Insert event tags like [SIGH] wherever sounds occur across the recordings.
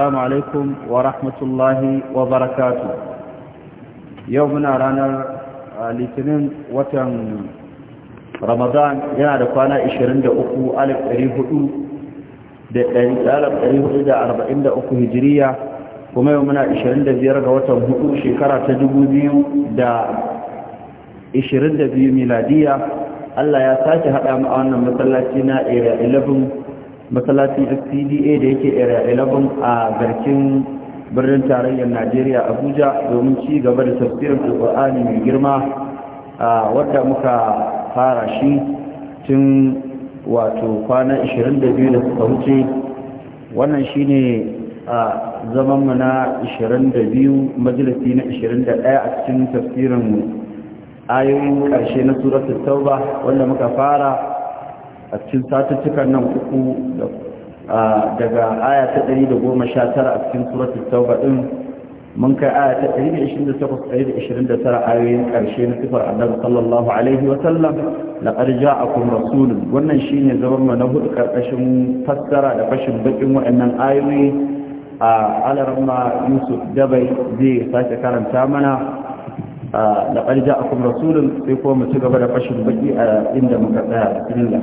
wa rahmatullahi wa barakatu. Yau muna ranar ah, litinin watan ramadan yana da kwana 23,443 hijiriya kuma yau muna 25 ga watan hudu shekara ta 2022 miladiya Allah ya sake haɗa mu a wannan matsalaci na area 11 masallacin fcda da yake area 11 a garkin birnin tarayyar najeriya abuja domin ci gaba da tafsirin alkur'ani mai girma a wadda muka fara shi tun wato kwana 22 da suka wuce wannan shine a zamanmu na 22 majalisi na 21 a cikin tafsirin ayoyin karshe na suratul tauba wanda muka fara a cikin satuttukan nan uku daga aya ta 119 a cikin suratul tauba din mun kai aya ta 128-129 ayoyin karshe na sifar annabi sallallahu alaihi wa sallam laqad ja'akum rasulun wannan shine zaman mu na hudu karkashin fassara da fashin bakin waɗannan ayoyi a alarma yusuf dabai zai sake karanta mana rasulun sai لقد جاءكم gaba da fashin baki بجيء عند مكتاب بسم الله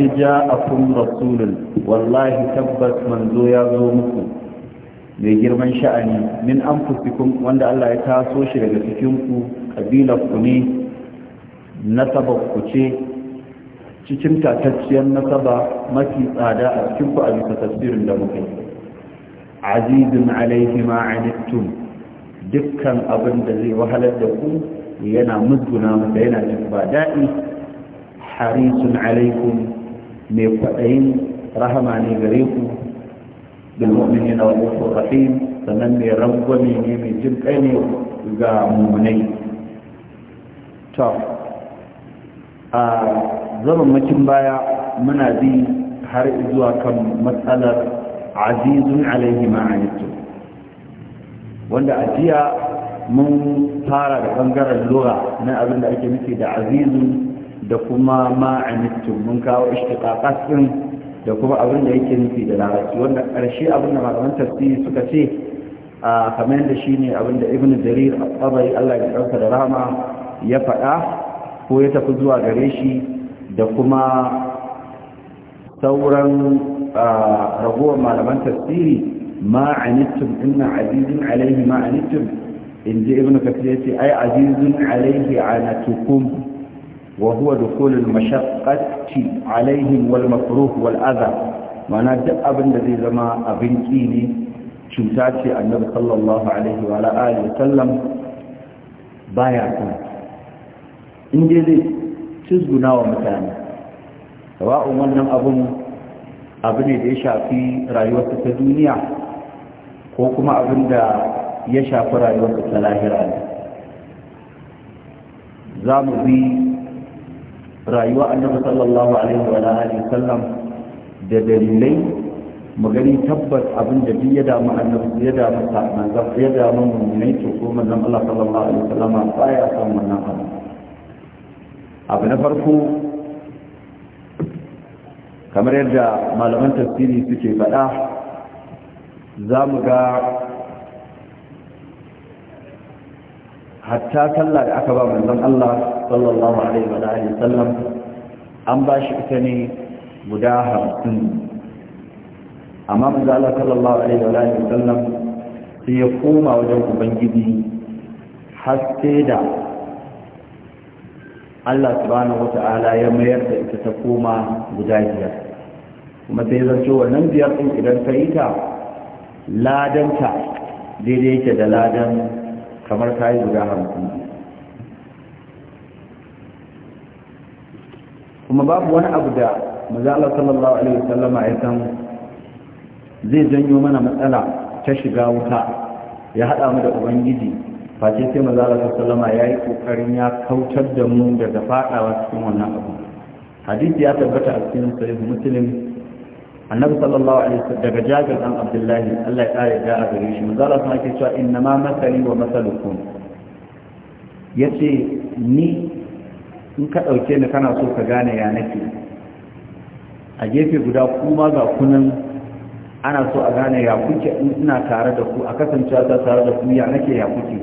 a ja'akum rasulun wallahi tabbas manzo ya zo muku mai girman sha'ani min anfusikum wanda Allah ya taso shi daga cikin ku ne ku ce cikin tatacciyar nasaba mafi tsada a cikin ku a bisa tafsirin da muka yi azizun alaihi ma'anittum dukkan abin da zai wahalar da ku yana musguna da yana jin ba daɗi harisun alaikum mai kwaɗayin rahama ne gare ku bil mu'minina wa rahim sannan mai rangwame ne mai jin kai ne ga mummunai to a zaman makin baya muna bi har zuwa kan matsalar azizun alaihi ma'anitu wanda a jiya mun fara da bangaren lura na abin da ake nufi da azizun da kuma ma'anittum mun kawo ishtiqaqat din da kuma abin da yake nufi da larabci wanda karshe abin da malaman tafsiri suka ce a kamar yadda shine abin da ibnu jarir al-tabari Allah ya da rahama ya faɗa ko ya tafi zuwa gare shi da kuma sauran ragowar malaman tafsiri ma'anittum inna azizun alaihi ma'anittum in ji ibnu kathir ya ce ai azizun alaihi anatukum وهو دخول المشقة عليهم والمكروه والأذى معنى دق أبن الذي زما أبن كيني شمتاتي النبي صلى الله عليه وعلى آله وسلم بايعكم إن جزي تزقنا ومتانا سواء من أبن أبن الإشاء في رأيوة الدنيا وكما أبن دا يشاء في رأيوة اللاهرة za mu bi rayuwa annabi sallallahu alaihi wa alihi sallam da dalilai mu gani tabbas abin da duk ya damu annabi ya damu manzon ya damu mu'minai to ko manzon Allah sallallahu alaihi wa sallam baya son wannan abu abu na farko kamar yadda malaman tafsiri suke faɗa za mu ga hatta sallah da aka ba manzon Allah sallallahu alaihi wa alihi sallam an ba shi ita ne guda hamsin amma manzon Allah sallallahu alaihi wa alihi sallam sai ya koma wajen ubangiji har sai da Allah subhanahu wata'ala ya mayar da ita ta koma guda biyar kuma sai zanto wannan biyar din idan ka yi ta ladanta daidai yake da ladan kamar ta yi guda hamsin kuma babu wani abu da maza'ala sallallahu alaihi wasallam ya yasan zai janyo mana matsala ta shiga wuta ya haɗa mu da ubangiji face sai maza'ala sallallahu ya yi ƙoƙarin ya kautar da mu daga faɗawa cikin wannan abu hadisi ya tabbata a cikin sahih muslim annabi sallallahu alaihi wasallam daga jabir dan abdullahi Allah ya kare ga gare shi mun Allah sama ke cewa inna ma masali wa masalukum yace ni in ka dauke ni kana so ka gane ya nake a gefe guda kuma ga kunan ana so a gane ya kuke in ina tare da ku a kasancewa ta tare da ku ya nake ya kuke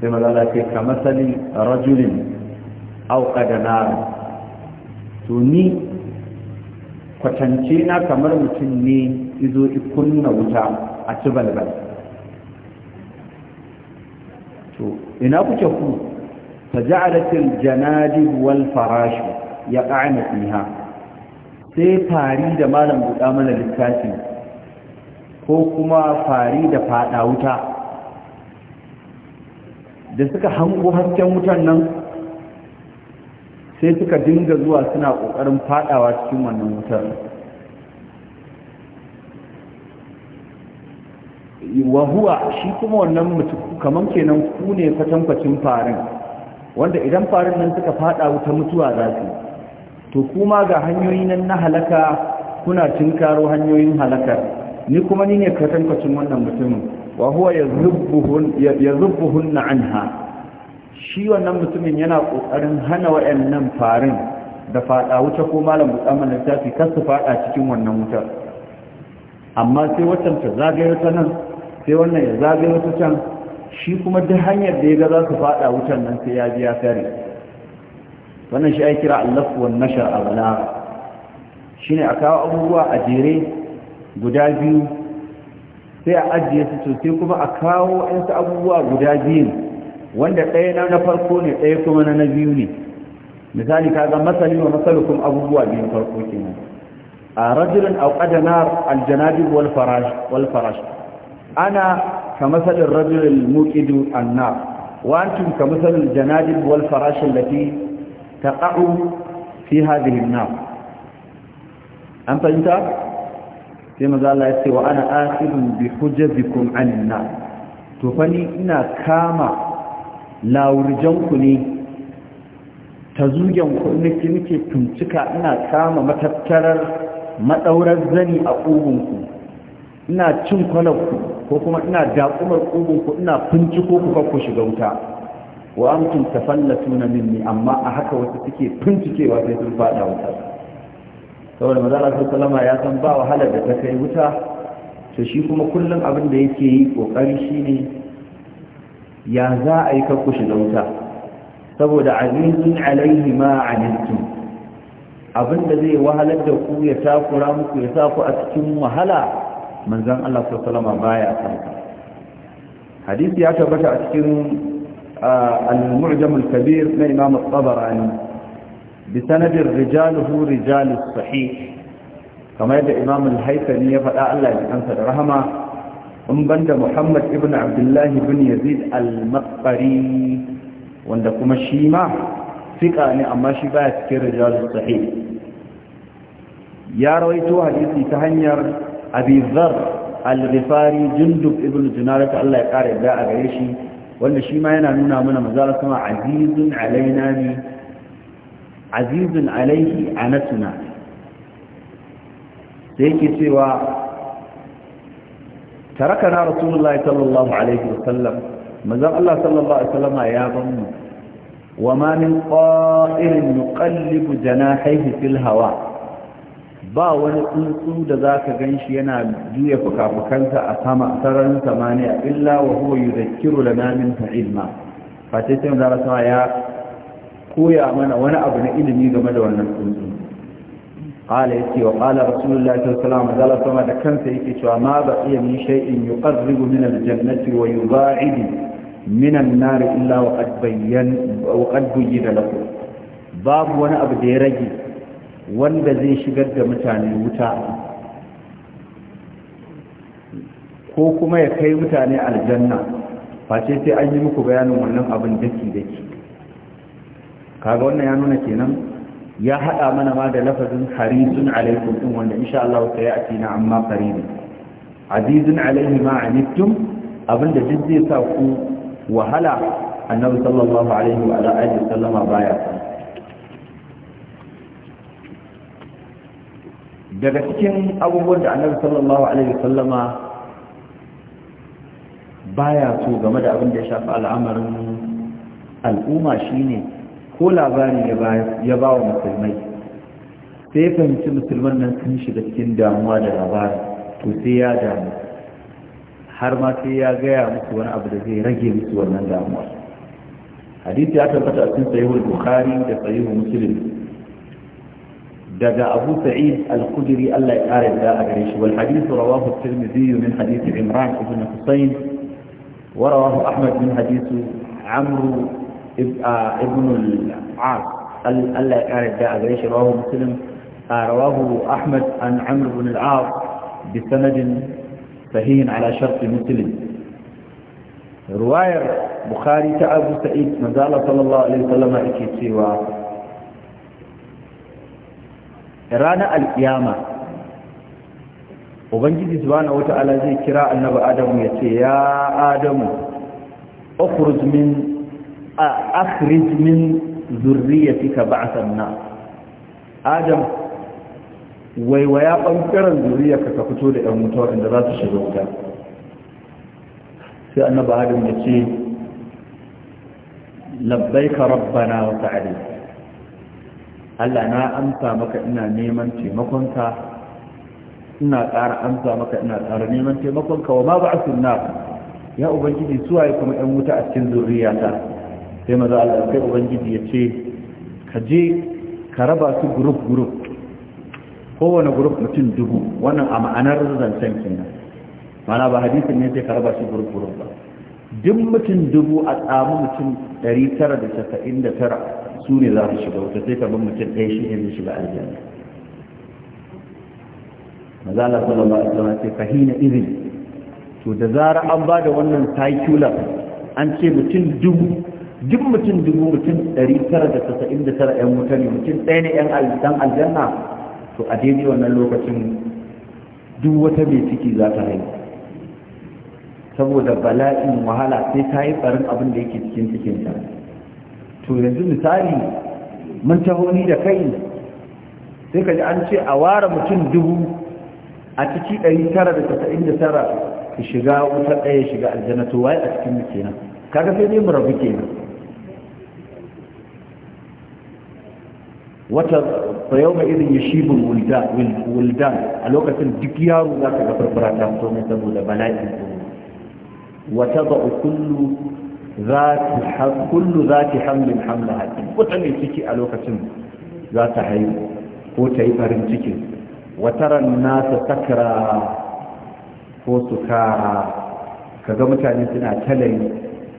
sai manzo Allah ka masali rajulin aw qadana to ni kwatance na kamar mutum ne izo kunna wuta a ci balbal to ina kuke ku ta ja'alatil janadib wal farash ya qa'na fiha sai fari da malam buɗa mana littafi ko kuma fari da fada wuta da suka hango hasken wutan nan sai suka dinga zuwa suna ƙoƙarin faɗawa cikin wannan wutar wa shi kuma wannan mutum kamar kenan ku ne kwatankwacin farin wanda idan farin nan suka faɗa wuta mutuwa za su to kuma ga hanyoyi nan na halaka kuna tinkaro hanyoyin halakar ni kuma ni ne kwatankwacin wannan mutumin wa ya zubbuhun na anha shi wannan mutumin yana kokarin hana wayannan farin da fada wuta ko malam mukamman littafi kar su fada cikin wannan wutar amma sai waccan ta zagaye ta nan sai wannan ya zagaye ta can shi kuma duk hanyar da ya ga za su fada wutan nan sai ya biya fare wannan shi ai kira Allah wa nashar a Shi shine a kawo abubuwa a jere guda biyu sai a ajiye su to kuma a kawo 'yansu abubuwa guda biyu wanda ɗaya na farko ne ɗaya kuma na biyu ne misali ka ga masali wa masalukum abubuwa biyu farko ke nan. a rajulun aw qadana al janabib wal farash ana ka masalin rajulul muqidu an nar wa ka masalin janabib wal farash allati taqa'u fi hadhihi an nar an fahimta sai maza Allah ya ce wa ana asirin bi hujazikum an to fa ni ina kama lawurjanku ne ta ku nake nake tuntuka ina kama matattarar maɗaurar zani a ƙugunku ina cin kwalabku ko kuma ina daƙumar ƙugunku ina finci ko kuka ku shiga wuta wa amkin tafallatu minni amma a haka wasu suke fincikewa sai sun faɗa wuta saboda mazala salama ya san ba wahalar da ta kai wuta to shi kuma kullum abin da yake yi ƙoƙari shine ya za a yi kakku shiga wuta saboda azizun alaihi ma anittum abinda zai wahalar da ku ya takura muku ya sa ku a cikin wahala manzan Allah sallallahu salama baya san hadisi ya tabbata a cikin al-mu'jam kabir na Imam bisa tabarani bi sanadin rijaluhu rijalus sahih kamar yadda Imam al-Haythami ya faɗa Allah ya kansa da rahama in banda muhammad ibn abdullahi bin yazid al-maqbari wanda kuma shi ma fiƙa ne amma shi baya cikin rijalus sahih ya rawaito hadisi ta hanyar abi dhar al-ghifari jundub ibn junarat Allah ya kare da a gare shi wanda shi ma yana nuna mana mazala kuma azizun alaina ne azizun alaihi anatuna sai yake cewa tarakana rasulullahi sallallahu alaihi wasallam manzon Allah sallallahu alaihi wasallam ya ban mu wa ma min qa'irin yuqallibu janahihi fil hawa' ba wani tsuntsu da zaka ganshi gan shi yana juya fukafukansa a sama sararin samaniya illa wa huwa yuzakkiru lana min ilma fatitin zara ya koya mana wani abu na ilimi game da wannan tsuntsu قال يتي وقال رسول الله صلى الله عليه وسلم قال فما كنت يتي ما بقي من شيء يقرب من الجنة ويباعد من النار إلا وقد بين وقد بين لكم باب وانا أبدي رجي وانا زي شقد متاني وتاعي ko kuma ya kai mutane aljanna face sai an yi muku bayanin wannan abin daki daki kaga wannan ya nuna ya haɗa mana ma da lafazin harisun alaikum ɗin wanda insha Allah ta yi a tina amma faridi azizun alaihi ma anittum abinda duk zai sa ku wahala annabi sallallahu alaihi wa alihi sallama baya daga cikin abubuwan da annabi sallallahu alaihi sallama baya so game da abin da ya shafi al'amarin al'umma shine ko labarin ya ba wa musulmai sai ya fahimci musulman nan sun shiga cikin damuwa da labari to sai ya damu har ma sai ya gaya musu wani abu da zai rage musu wannan damuwa hadisi ya tabbata a cikin sahihul bukhari da sahihul muslim daga abu sa'id al-khudri Allah ya kare da a gare shi wal hadith rawahu at-tirmidhi min hadith imran ibn husayn wa rawahu ahmad min hadith amru آه، ابن العاص ألا يعرف جاء رواه مسلم آه، رواه أحمد عن عمرو بن العاص بسند فهين على شرط مسلم رواية بخاري تأبو سعيد ما مزال صلى الله عليه وسلم إكتوى رانا القيامة وبنجد سبحانه وتعالى زي كراء النبى آدم يتي يا آدم أخرج من akhrij min zurriyatika ba'san na adam waiwaya bangaren zuriyarka ka fito da yan wuta inda za su shiga wuta sai an annabi adam ya ce labbaika rabbana wa ta'ala Allah na amsa maka ina neman taimakonka ina ƙara amsa maka ina ƙara neman taimakonka wa ma ba'asun nar ya ubangiji suwaye kuma yan wuta a cikin zuriyata sai maza Allah sai ubangiji ya ce ka je ka raba su group group kowane group mutum dubu wannan a ma'anar zancen kina mana ba hadisin ne sai ka raba su group group ba duk mutum dubu a tsamu mutum 999 su ne za su shiga wuta sai ka bin mutum ɗaya shi ne zai shiga aljanna maza Allah sallallahu alaihi wasallam sai fahina izin to da zara an ba da wannan circular an ce mutum dubu duk mutum dubu mutum ɗari tara da tasa'in da tara ‘yan mutane mutum ɗaya ne ‘yan aljanna to a daidai wannan lokacin duk wata mai ciki za ta haihu saboda bala'in wahala sai ta yi ɓarin abin da yake cikin cikinta to yanzu misali mun taho ni da kai sai ka ji an ce a ware mutum dubu a ciki ɗari tara da tasa'in da tara shiga wuta ɗaya shiga aljanna to waye a cikin mu kenan kaga sai dai mu rabu kenan wata fayau irin ya shi wuldan a lokacin duk yaro za ka ga barata ta fito mai saboda bala'in wata ba kullu za ki hamlin hamla haƙi wata mai ciki a lokacin za ta haihu ko ta yi farin cikin na nasa sakara ko sukara kaga mutane suna talayi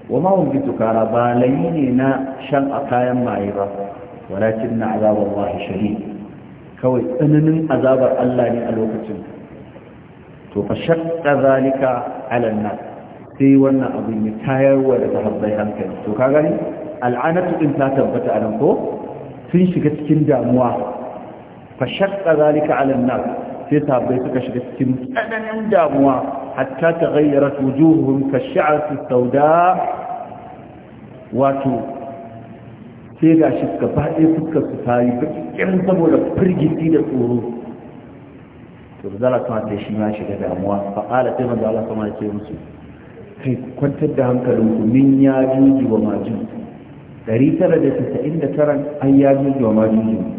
wa mawon bi sukara ba layi ne na shan a kayan maye ba walakin na azabar wahi shari kawai tsananin azabar Allah ne a lokacin to fa shakka zalika alan nan sai wannan abin ya wa da sahabbai hankali to ka gani al'anatu din ta tabbata nan ko sun shiga cikin damuwa fa shakka zalika alan nan sai sahabbai suka shiga cikin tsananin damuwa hatta taghayyarat wujuhuhum kash-sha'ati as-sauda wato sai ga shi gaba ɗaya fuskar su tari ba cikin saboda firgiti da tsoro to da zara kuma ta shi ma shiga damuwa fa'ala sai manzo Allah sama ce musu kai kwantar da hankalinku min ya juji wa maji 999 an ya juji wa majin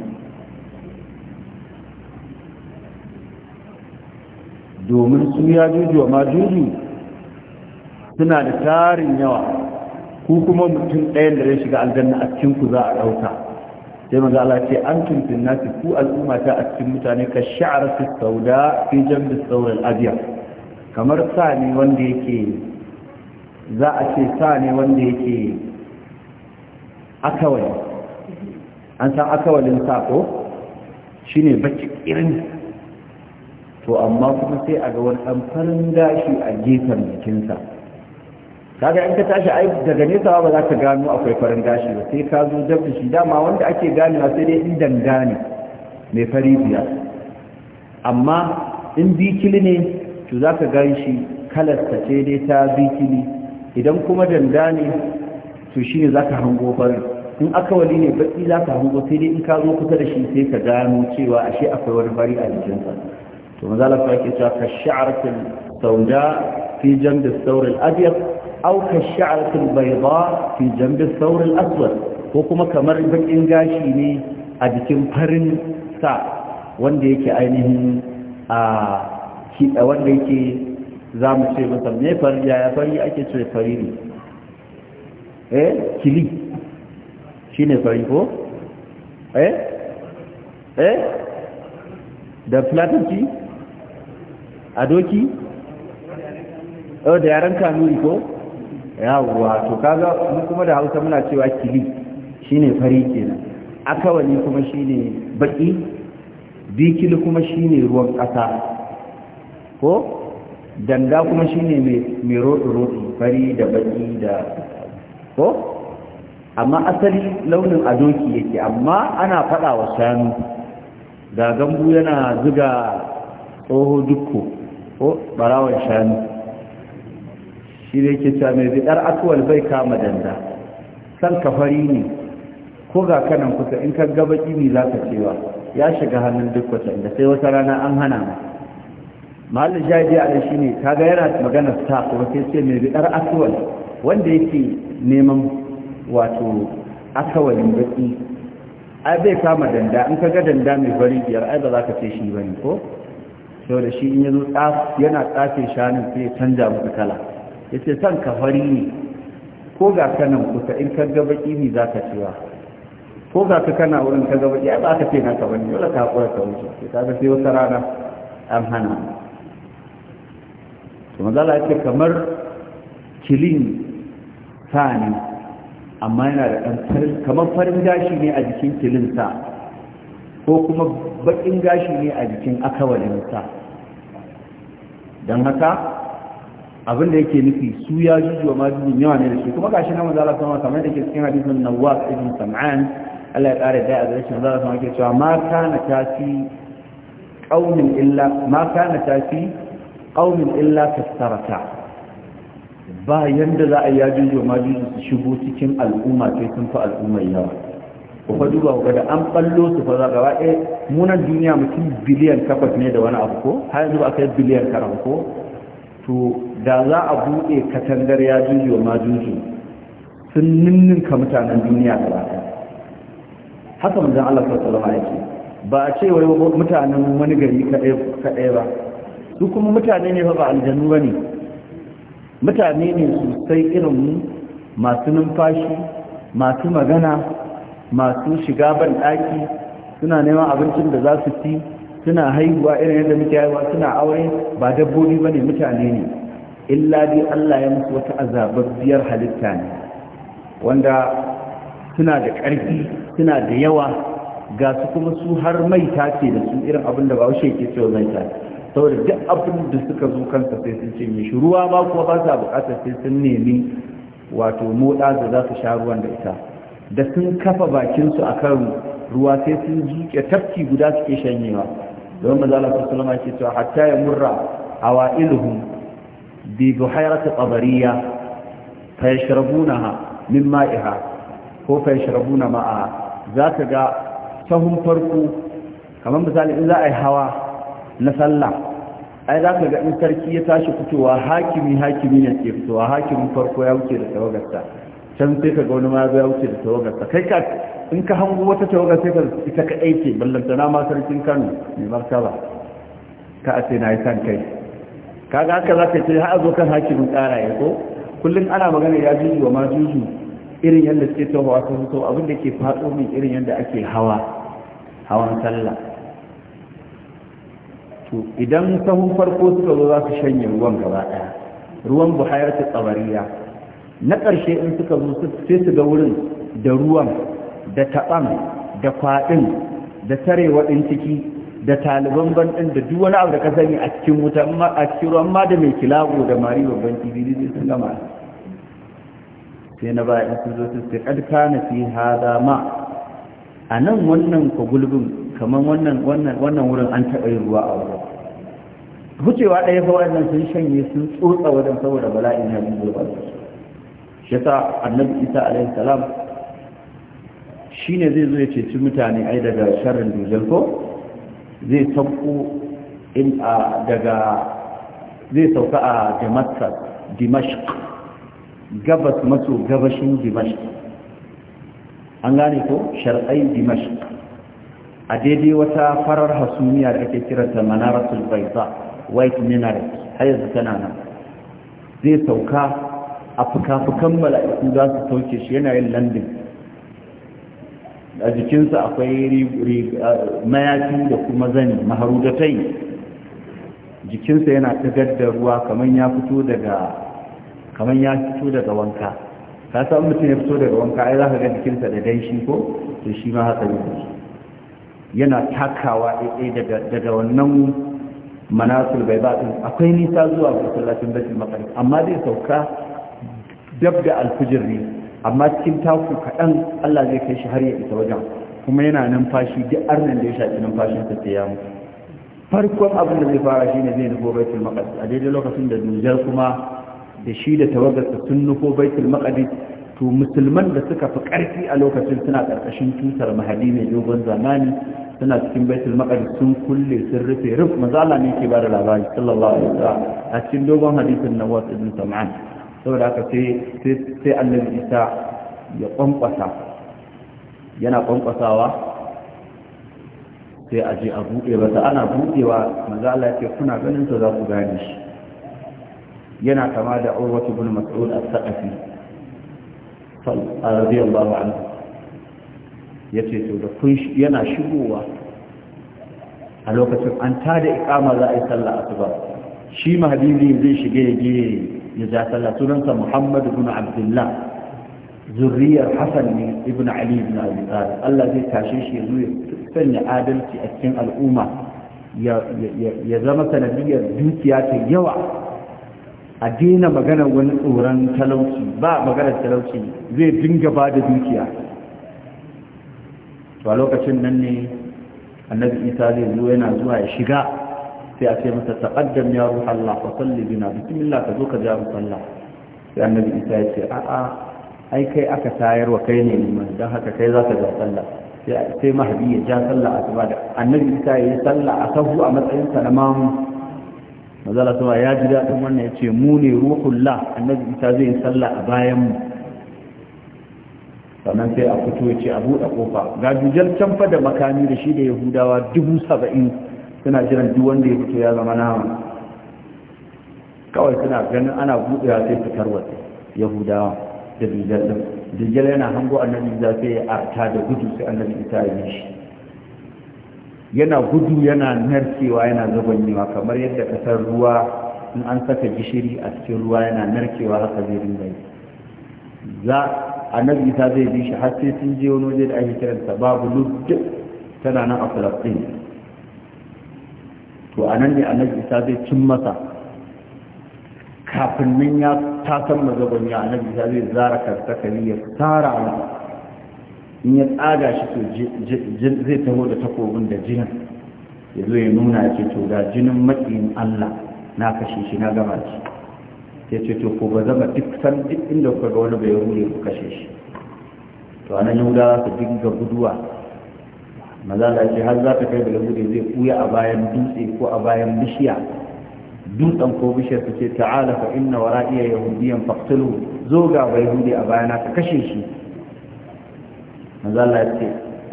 domin su ya juji wa maji suna da tarin yawa ku kuma mutum ɗayan da zai shiga aljanna a cikin ku za a ɗauka sai manzo Allah ce an tuntun nasi ku al'umma ta a cikin mutane ka sha'ar fi sauda fi jambi sauran abiya kamar sa ne wanda yake za a ce sa ne wanda yake akawai an san akawalin sa shine baki irin to amma kuma sai a ga wani ɗan farin gashi a gefen jikinsa kaga in ka tashi ai daga nesa ba za ka gano akwai farin gashi ba sai ka zo dab da shi dama wanda ake ganewa sai dai in dangane mai fari biya amma in bikili ne to za ka gani shi kalar ta ce dai ta bikili idan kuma dangane to shi ne za ka hango farin in aka wali ne baki za ka hango sai dai in ka zo kusa da shi sai ka gano cewa ashe akwai wani fari a jikinsa to maza yake cewa ka sha'arkin sauda fi jan da saurin abiyar أو كالشعرة البيضاء في جنب الثور الأسود وكما كمر بكين غاشيني أجتم قرن ساعة وانديك أينه وانديك زام الشيء مثلا ne fari ya fari ake ce fari ne eh kili shine fari ko eh eh da platanci a doki da yaren kanuri ko yawwa to kaga mu kuma da hausa muna cewa kili shine fari kenan akawani kuma shine baki bikil kuma shine ruwan ƙasa ko danda kuma shine mai roɗi rodi fari da baki da ko amma asali launin adoki yake amma ana faɗawa wa shanu ga gambu yana zuga tsoho dukko ko ɓarawon shanu shi da yake cewa mai bidar atuwal bai kama danda san kafari ne ko ga kanan kusa in ka gaba baki ne za ka cewa ya shiga hannun duk wata da sai wata rana an hana mu mahallin shahidi a shi ne kaga yana magana ta kuma sai ce mai bidar atuwal wanda yake neman wato akawalin baki ai bai kama danda in ka ga danda mai fari biyar ai ba za ka ce shi bane ko da shi in ya zo yana tsafe shanin sai ya canja muku kala yace san ka fari ne ko ga nan kusa in ka ga baki ne zaka wa, ko ga ka kana wurin ka ga baki ai ba ka ce na ka bane dole ka hakura ka wuce sai ka ga sai wata rana an hana to za Allah yace kamar kilin sani amma yana da ɗan kamar farin gashi ne a jikin kilin sa ko kuma baƙin gashi ne a jikin sa, don haka abin da yake nufi su ya juju wa majujin yawa ne da shi kuma gashi na manzala sama kamar da ke cikin hadisin nawwas ibn sam'an Allah ya kare da a shi manzala sama ke cewa ma kana tafi qaumin illa ma kana tafi qaumin illa kastarata ba yanda za a ya juju wa majujin su shigo cikin al'umma sai sun fa al'umma yawa ku fa duba ku da an ballo su fa za gaba munan duniya mutum biliyan takwas ne da wani abu ko har yanzu ba kai biliyan tara ko to da za a buɗe katangar ya juju ma juju sun ninninka mutanen duniya da baka haka Allah sallallahu alaihi ba a ce wai mutanen wani gari kaɗai ba su kuma mutane ne ba aljanu ba ne mutane ne sosai irin mu, masu numfashi masu magana masu shiga ban ɗaki suna neman abincin da za su ci suna haihuwa irin yadda muke haihuwa suna aure ba dabbobi ba ne mutane ne illa dai allah ya musu wata biyar halitta ne wanda suna da ƙarfi suna da yawa ga su kuma su har mai tace da su irin abin da ba bahaushe ke cewa mai ta saboda duk abin da suka zo kansa sai sun ce mai ruwa ba kuwa ba sa buƙatar sai sun nemi wato moda da za su sha ruwan da ita da sun kafa bakinsu a kan ruwa sai sun zuke tafki guda suke shanyewa don maza Allah ta sallama yake cewa hatta ya murra awailuhum bi buhayrati qabariyya fa yashrabunaha min ma'iha ko fa yashrabuna ma'a zaka ga sahun farko kamar misali in za a yi hawa na sallah ai za ka ga in sarki ya tashi fitowa hakimi hakimi ne ke fitowa hakimin farko ya wuce da tawagarsa can sai ka ga wani ma ya wuce da tawagarsa kai ka in ka hango wata tawaga sai ka ita ka aike ballanta na sarkin kano mai martaba ka a na yi san kai kaga haka za ka ce ha zo kan hakimin tsara ya ko kullum ana magana ya ji wa ma juju irin yadda suke tawawa sun abin da ke faɗo min irin yadda ake hawa hawan sallah to idan sahun farko suka zo za su shanye ruwan gaba ɗaya ruwan buhayar ta tsabariya na ƙarshe in suka zo sai su ga wurin da ruwan da taɓan da kwaɗin da tarewa ɗin ciki da taliban banɗin da duk wani abu da ka sani a cikin wuta a cikin ruwan ma da mai kilago da mari babban tv da sun gama sai na bayan sun zo su sai na fi hada ma a nan wannan ka gulbin kamar wannan wannan wannan wurin an taɓa yin ruwa a wurin wucewa ɗaya fa wannan sun shanye sun tsotsa wajen saboda bala'in ya zuwa shi yasa annabi isa alaihi salam shi ne zai zo ya ceci mutane ai daga sharrin dujen ko zai sauko in a daga zai sauka a damascus dimashq gabas maso gabashin dimashq an gane ko shar'ai dimashq a daidai wata farar hasumiya da ake kiranta manaratul baiza white minaret har yanzu tana nan zai sauka a fuka-fukan mala'iku za su sauke shi yanayin landin a jikinsa akwai mayafi da kuma zani maharudatai jikinsa yana tagar da ruwa kamar ya fito daga kamar ya fito daga wanka ka san mutum ya fito daga wanka ai za ka ga jikinsa da danshi ko to shi ma haka yana takawa ɗaiɗai daga wannan manasul bai ba akwai nisa zuwa masallacin bashin makarai amma zai sauka dab da alfijir ne amma cikin taku kaɗan Allah zai kai shi har ya isa wajen kuma yana numfashi duk arnan da ya shafi numfashin sa ta farkon abin da zai fara shine zai nufo baitul maqdis a daidai lokacin da dujar kuma da shi da tawagarsa sun nufo baitul maqdis to musulman da suka fi ƙarfi a lokacin suna ƙarƙashin tutar mahadi mai dogon zamani suna cikin baitul maqdis sun kulle sun rufe ruf mazala ne ke bada labari sallallahu alaihi wasallam a cikin dogon hadisin na wasu ibn sam'an saboda haka sai annabi isa ya kwankwasa yana kwankwasawa sai aje a buɗe ba wata ana buɗewa maza Allah kuna ganin sa za ku gane shi yana kama da urwatu bin mas'ud as-saqafi radiyallahu anhu yace to da kun yana shigowa a lokacin an tada iqama za a yi sallah asuba shi mahdi zai shige ya ya ja sallah sunansa muhammad ibn abdullah zurriyar hasan ne ibn ali ibn abi talib Allah zai tashe shi ya zo ya sanya adalci a cikin al'umma ya zama sanadiyar dukiya ta yawa a daina maganar wani tsoron talauci ba maganar talauci zai dinga ba da dukiya to a lokacin nan ne annabi isa zai zo yana zuwa ya shiga sai a ce masa taƙaddam ya ruha Allah fa salli bina bismillah ka zo ka ja mu sallah sai annabi Isa ya ce a'a ai kai aka tayar wa kai ne liman dan haka kai ka ja sallah sai Mahadi ya ja sallah asuba da annabi Isa ya yi sallah a sahu a matsayin sa na mamu mazala sama ya ji daɗin wannan ya ce mu ne la annabi Isa zai yi sallah a bayan mu sannan sai a fito ya ce a buɗe ƙofa ga jujjar can fa da makami da shi da yahudawa dubu saba'in suna jiran duk wanda ya fito ya zama nama kawai suna ganin ana buɗe buɗewa sai fitar wata yahudawa da dijal ɗin dijal yana hango annabi za sai ya arta da gudu sai annabi isa ya yi shi yana gudu yana narkewa yana zubanyewa kamar yadda kasar ruwa in an saka gishiri a cikin ruwa yana narkewa haka zai dinga yi za annabi isa zai bi shi har sai sun je wani waje da ake kiransa babu luddin tana nan a falastin to a nan ne nan isa zai cin masa kafin nan ya tasar mazabon ya annabi isa zai zara karta, kari ya tsara masa in ya tsaga shi to zai taho da takobin da jinin ya zo ya nuna ya ce to ga jinin matsayin allah na kashe shi na gama shi ya ce to ko ba zama duk san duk inda kuka ga wani bai rure ku kashe shi to anan yahuda za su dinga guduwa maza da ce har za ta kai balagude zai kuya a bayan dutse ko a bayan bishiya dutsen ko bishiyar ta ce ta'ala fa inna iya yahudiyan faqtulu zo ga bayhude a bayana ka kashe shi maza Allah ce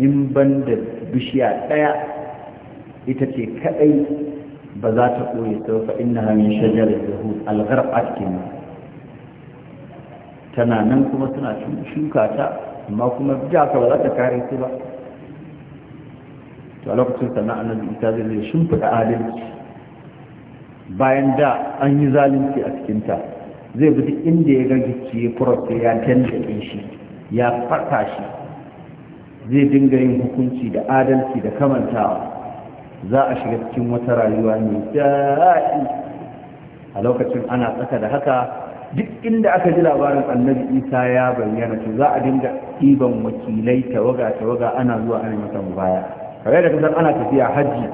in ban da bishiya ɗaya ita ce kaɗai ba za ta koyi ta fa inna min shajar yahud al-gharqat tana nan kuma suna shuka ta amma kuma da ka ba za ta kare su ba to a lokacin sana annabi isa zai zai shimfiɗa adalci bayan da an yi zalunci a cikinta zai bi duk inda ya ga gicci ya kurasta ya tandaɗe shi ya fata shi zai dinga yin hukunci da adalci da kamantawa za a shiga cikin wata rayuwa mai daɗi a lokacin ana tsaka da haka duk inda aka ji labarin annabi isa ya bayyana to za a dinga ɗiban wakilai tawaga tawaga ana zuwa ana masa mubaya kare da kasar ana tafiya hajji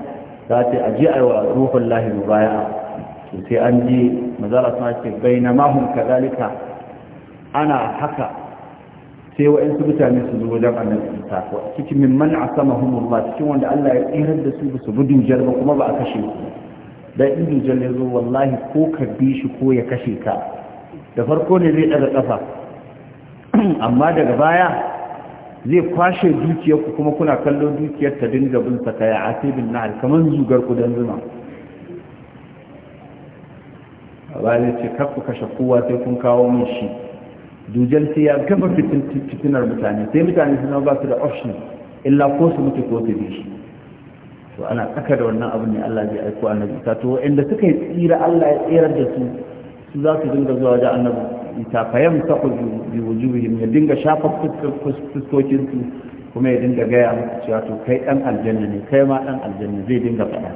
za ta aje a wa ruhun lahi baya to sai an ji mazala suna ce bai na mahun kazalika ana haka sai wa'insu mutane su zo don annabi isa ko cikin min man asama humullah cikin wanda Allah ya tsirar da su ba su bi ba kuma ba a kashe su Dan in dujar ya zo wallahi ko ka bi shi ko ya kashe ka da farko ne zai daga ƙafa. [CLEARS THROAT] amma daga baya zai kwashe dukiyarku kuma kuna kallon dukiyar ta dinga bin sa kaya asibin na kaman zugar ku dan zuma ba ce kar ku kashe kowa sai kun kawo min shi dujal sai ya gama fitinar mutane sai mutane suna ba su da option illa ko su mutu ko su bi shi to ana tsaka da wannan abin ne Allah zai aiko annabi ta to inda suka yi tsira Allah ya tsirar da su su za su dinga zuwa ga annabi ita fayan ta bi wujuhihim ya dinga shafa fuskokinsu kuma ya dinga gaya musu cewa to kai dan aljanna ne kai ma dan aljanna zai dinga faɗa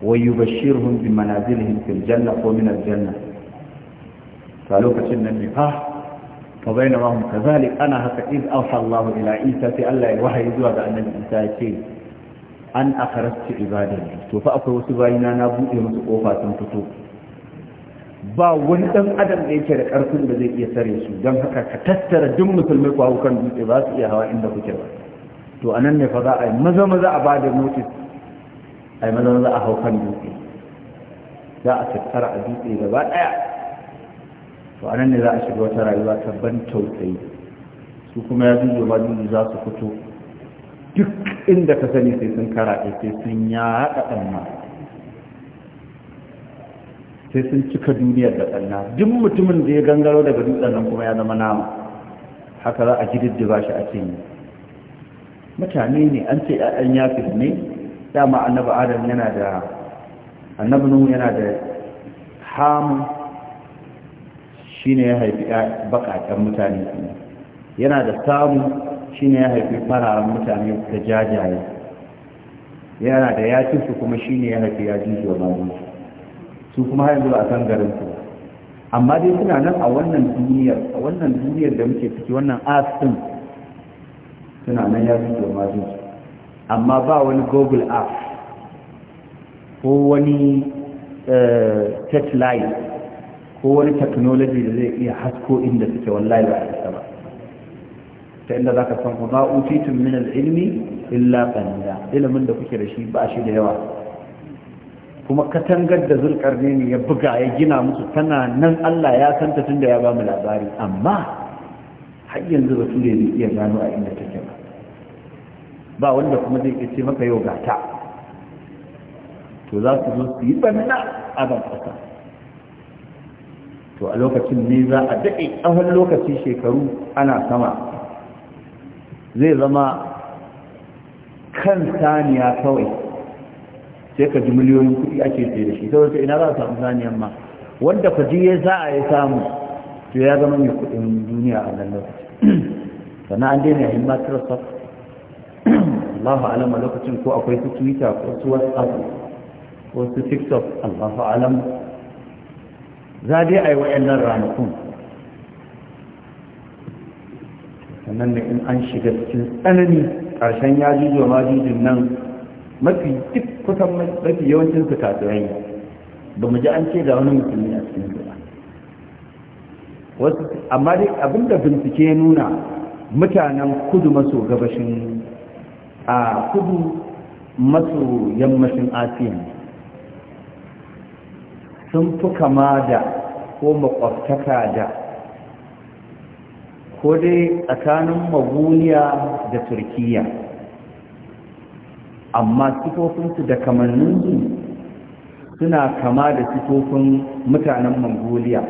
wa yubashshirhum bi manazilihim fil janna ko min aljanna ta lokacin nan ne fa fa bainama hum kazalik ana haka iz awha Allah ila Isa sai Allah ya wahayi zuwa ga annabi Isa ya ce an akhrajtu ibadati to fa akwai wasu bayina na buɗe musu kofa sun fito ba wani dan adam da yake da karfin da zai iya sare su don haka ka tattara duk musulmai ku kan dutse ba su iya hawa inda kuke ba to a nan ne fa za a yi maza maza a ba da notis a yi maza maza a hau kan dutse za a tattara a dutse gaba daya to a nan ne za a shiga wata rayuwa ta ban tausayi su kuma ya zuzo ba zuzo za su fito duk inda ka sani sai sun karaɗe sai sun yaɗa ɗan mara. sai sun cika duniyar da tsanna duk mutumin da ya gangaro daga dutsen nan kuma ya zama nama haka za a ba shi a yi. mutane ne an ce ‘ya'yan yafis ne dama annabi adam yana da annabi nuhu yana da hamu shine ya haifi bakaken mutane yana da samu shine ya haifi fararen mutane da jajaye yana da su kuma shine ya haifi yajujuwa majuju su kuma yanzu a kan garin su amma dai suna nan a wannan duniyar a wannan duniyar da muke ciki wannan asin suna nan ya fito ma amma ba wani google app ko wani eh, satellite ko wani technology da zai iya hasko inda suke wallahi ba a ba ta inda za ka san ku ba utitun min ilmi illa qalila ilimin da kuke da shi ba shi da yawa kuma katangar da ne ya buga ya gina musu tana nan Allah ya santa tunda ya ba mu labari amma har yanzu ba ture zai iya gano a inda take ba ba wanda kuma zai iya ce maka yau gata to za su zo su yi banna a ban kasa to a lokacin ne za a daɗe tsawon lokaci shekaru ana sama zai zama kan saniya kawai sai ka ji miliyoyin kuɗi ake sai da shi sai wata ina za a samu saniyan ma wanda ji ya za a yi samu to ya zama mai kuɗin duniya a nan lokaci [CLEARS THROAT] sannan an daina yin microsoft [CLEARS THROAT] allahu alam a lokacin ko akwai su twitter ko su whatsapp ko su tiktok allahu alam za dai a yi wa'annan ranakun sannan ne in an shiga cikin tsanani ƙarshen ya jijo ma jijin nan mafi duk kusan mafi yawancin su kafirai ba mu ji an ce ga wani mutum a cikin su ba wasu amma dai da bincike ya nuna mutanen kudu maso gabashin a kudu maso yammacin asiya sun fi kama da ko makwabtaka da ko dai tsakanin maguniya da turkiyya amma sifofinsu da kamanninsu suna kama da sifofin mutanen mongolia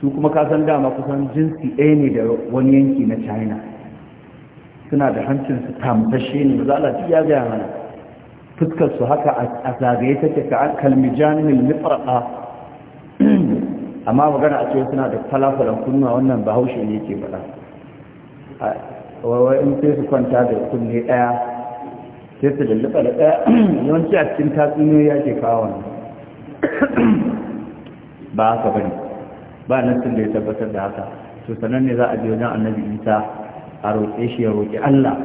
su kuma kasan dama kusan jinsi ɗaya ne da wani yanki na china suna da hancinsu tamfashe ne za a ya gaya mana fuskarsu haka a zagaye ta ke kalmi jami'in nifarɗa amma magana a cewa suna da falafalan kunnuwa wannan bahaushe ne ke faɗa wawai in sai su kwanta da kunne ɗaya sai su lulluɓa da ɗaya [CLEARS THROAT] yawanci a cikin tatsuniyoyi ake kawo [CLEARS THROAT] ba haka ba ne ba nassin da ya tabbatar da haka to sanan ne za a biyo wajen annabi isa a roƙe shi ya roƙe allah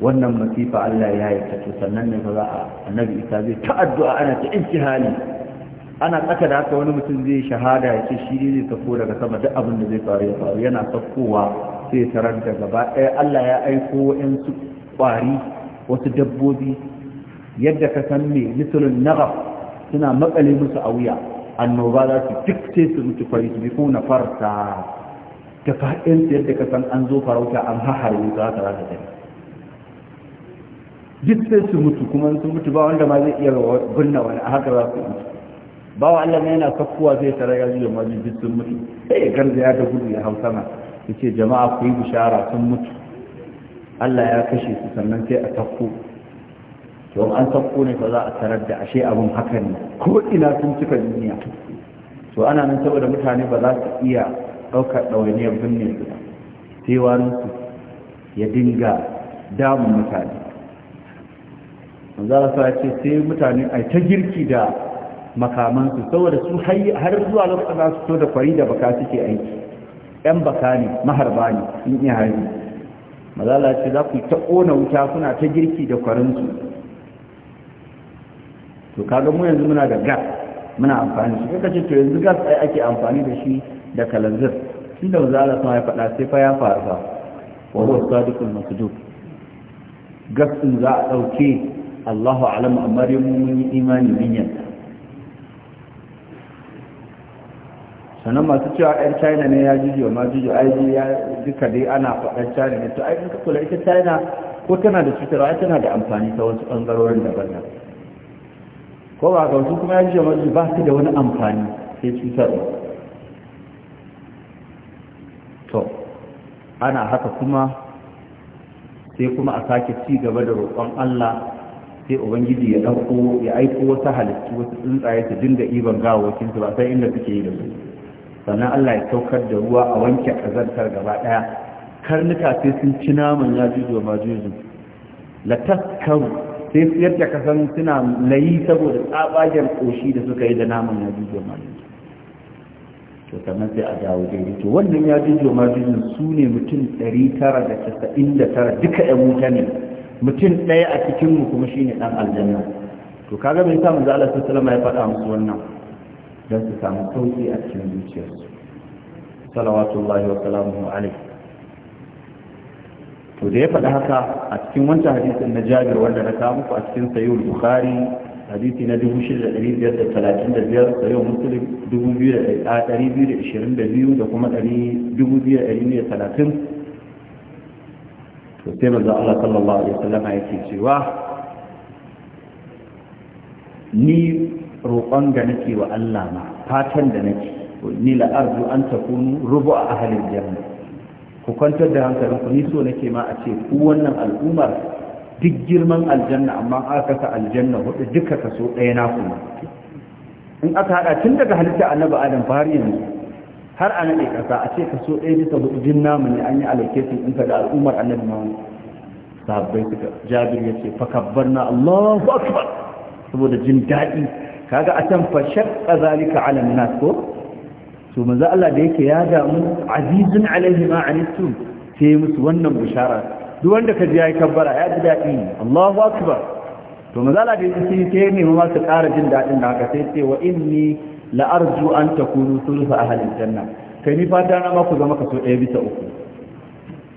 wannan masifa allah ya yi ta to sannan ne ba za a annabi isa zai ta addu'a ana ta ijtihali ana tsaka da haka wani mutum zai shahada ya ce shi ne zai sako daga sama duk abin da zai faru ya faru yana sakowa sai tarar da gaba ɗaya Allah ya aiko wa'yansu ƙwari wasu dabbobi yadda ka san me misalin nagaf suna makale musu a wuya annoba za su duk sai su mutu fari su ko na farsa ta faɗin yadda ka san an zo farauta an haharwe za ta rasa dare duk sai su mutu kuma sun mutu ba wanda ma zai iya binna wani a haka za su mutu bawa Allah ne yana kafuwa zai tare ya jiya ma duk sun mutu sai ya garza ya ta gudu ya hau sama yace jama'a ku yi bishara sun mutu Allah ya kashe su sannan sai a tafko to an tafko ne fa za a tarar da ashe abun haka ne ko ina sun cika duniya to ana nan saboda mutane ba za su iya ɗaukar ɗawainiyar binne su sai wani su ya dinga damun mutane manzara sa ce sai mutane ai ta girki da makamansu saboda su har zuwa lokacin za su so da kwari da baka suke aiki yan baka ne maharba ne in iya hari mazala ce za ku ta ƙona wuta kuna ta girki da kwarinsu to kaga mu yanzu muna da gas muna amfani shi kaka ce to yanzu gas ai ake amfani da shi da kalanzir tun da mazala sun haifa faɗa sai fa ya faru fa wa huwa sadiqul masduq gas ɗin za a ɗauke Allahu a'lam amma mun yi imani yanta sannan masu cewa yan china ne ya jijiyo ma jijiyo yi ya duka dai ana faɗar china ne to ai in ka kula ita china ko tana da cutarwa ai tana da amfani ta wasu ɓangarorin daban ko ba ga wasu kuma ya jijiyo ma jijiyo ba su da wani amfani sai cutarwa to ana haka kuma sai kuma a sake ci gaba da roƙon Allah sai ubangiji ya ɗauko ya aiko wata halittu wasu tsuntsaye su dinga iban gawawakin su ba sai inda suke yi da su sannan Allah ya saukar da ruwa a wanke kazantar gaba ɗaya. karnuka sai sun ci naman ya juju ma juju la taskaru sai su yadda ka san suna layi saboda tsabagen koshi da suka yi da naman ya juju ma juju to sannan sai a dawo daidai to wannan ya juju ma juju su ne mutum 999 duka yan wuta ne mutum ɗaya a cikin mu kuma shine ɗan aljanna to kaga bai sa manzo Allah sallallahu alaihi wasallam ya faɗa musu wannan don su samu sauki a cikin zuciyarsu salawatullahi wa salamuhu alaihi to da ya faɗi haka a cikin wancan hadisin na jabir wanda na kawo muku a cikin sayyid bukhari hadisi na 6535 sayyid muslim 2222 da kuma 2230 to sai manzo Allah sallallahu alaihi wasallam yake cewa ni roƙon da nake wa Allah ma fatan da nake ni la arju an takunu rubu a ahalin janna ku kwantar da hankalin ku ni so nake ma a ce ku wannan al'ummar duk girman aljanna amma aka ka aljanna hudu duka kaso ɗaya na kuma in aka haɗa tun daga halitta annabi adam har yanzu har a naɗe ƙasa a ce kaso ɗaya bisa hudu jin namu ne an yi allocation in ka da al'ummar annabi ma sahabbai suka jabir ya ce fakabbar na allahu akbar saboda jin daɗi kaga a can fa shaqqa zalika ala nas ko to manzo Allah da yake ya damu azizun alaihi ma anittum sai musu wannan bishara duk wanda ka ji kaji yayi kabbara ya ji daɗi. Allahu akbar to maza Allah da yake sai ne ma su ƙara jin daɗin da haka sai ce wa inni la arju an takunu thuluth ahli janna kai ni fata na ma ku zama kaso ɗaya bisa uku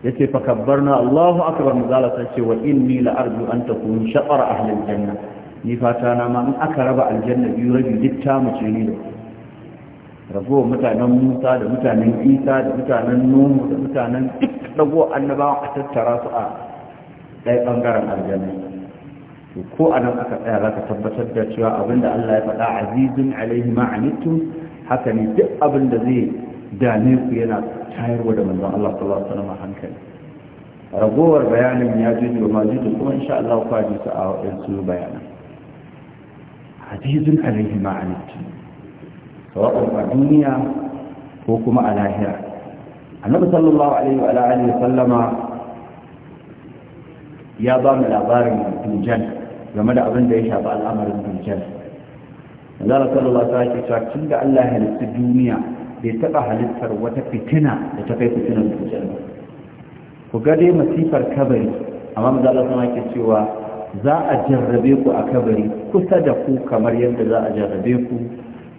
yace fa kabbarna Allahu akbar maza Allah sai ce wa inni la arju an takunu shatara ahli janna ni fata na ma in aka raba aljanna biyu rabi duk ta mace ni da rabo mutanen musa da mutanen isa da mutanen nuhu da mutanen duk ragowar annabawa a tattara su a ɗaya ɓangaren aljanna to ko a nan aka tsaya za tabbatar da cewa abinda allah ya faɗa azizun alaihi ma'anittum haka ne duk abin da zai dame ku yana tayarwa da manzon allah sallallahu alaihi wasallam hankali ragowar bayanin ya juji wa majuji kuma insha allah ku ji su a su bayanan azizun alaihi ma'anati sawa'un a duniya ko kuma a lahira annabi sallallahu alaihi wa alihi wa sallama ya ba mu labarin dujan game da abin da ya shafi al'amarin dujan. Allah sallallahu alaihi wa sallam tun da Allah ya halitta duniya bai taɓa halittar wata fitina da ta kai fitinar dujjal ba ku ga dai masifar kabari amma mu Allah sama yake cewa za a jarrabe ku a kabari kusa da ku kamar yadda za a jarrabe ku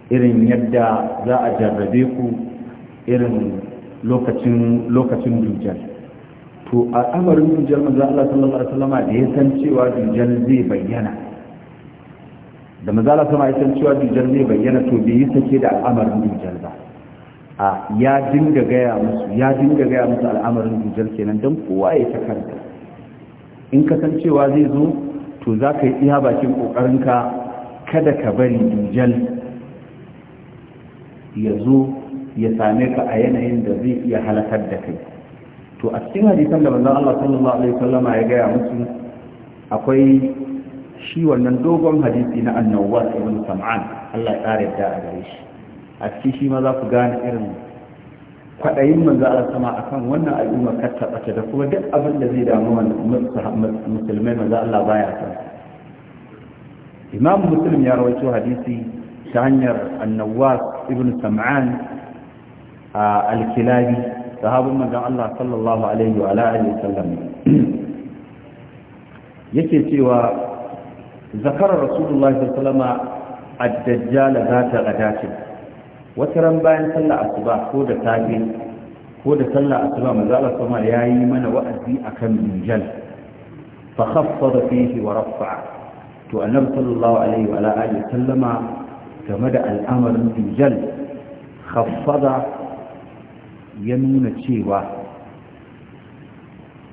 irin yadda za a jarrabe ku irin lokacin lokacin dujjal to a amarin dujjal manzo Allah sallallahu alaihi wasallama da ya san cewa dujjal zai bayyana da manzo Allah sama ya san cewa dujjal zai bayyana to bai yi sake da al'amarin dujjal ba a ya dinga gaya musu ya dinga gaya musu al'amarin dujjal kenan dan kowa ya ta kanta in ka san cewa zai zo to za ka yi iya bakin ƙoƙarinka kada ka bari dujal ya zo ya same ka a yanayin da zai iya halakar da kai to a cikin hadisan da manzon Allah sallallahu alaihi wasallam ya gaya musu akwai shi wannan dogon hadisi na annawas ibn sam'an Allah ya kare da a gare shi a cikin shi ma za ku gane irin kwaɗayin manzo Allah sama akan wannan al'umma kar ta ɓace da kuma duk abin da zai damu musulmai manzo Allah baya san Imam Muslim ya rawaito hadisi ta hanyar Annawas ibn Sam'an al-Kilabi sahabin manzo Allah sallallahu alaihi wa alihi wasallam [CLEARS THROAT] yake cewa zakarar Rasulullahi sallallahu alaihi wa sallama ad-dajjal zata ghadatin wata ran bayan sallah asuba ko da safe ko da sallah asuba manzo Allah kuma yayi mana wa'azi akan minjal fa khaffada fihi wa rafa'a to annabi sallallahu alaihi wa alihi sallama game da al'amarin minjal khaffada ya nuna cewa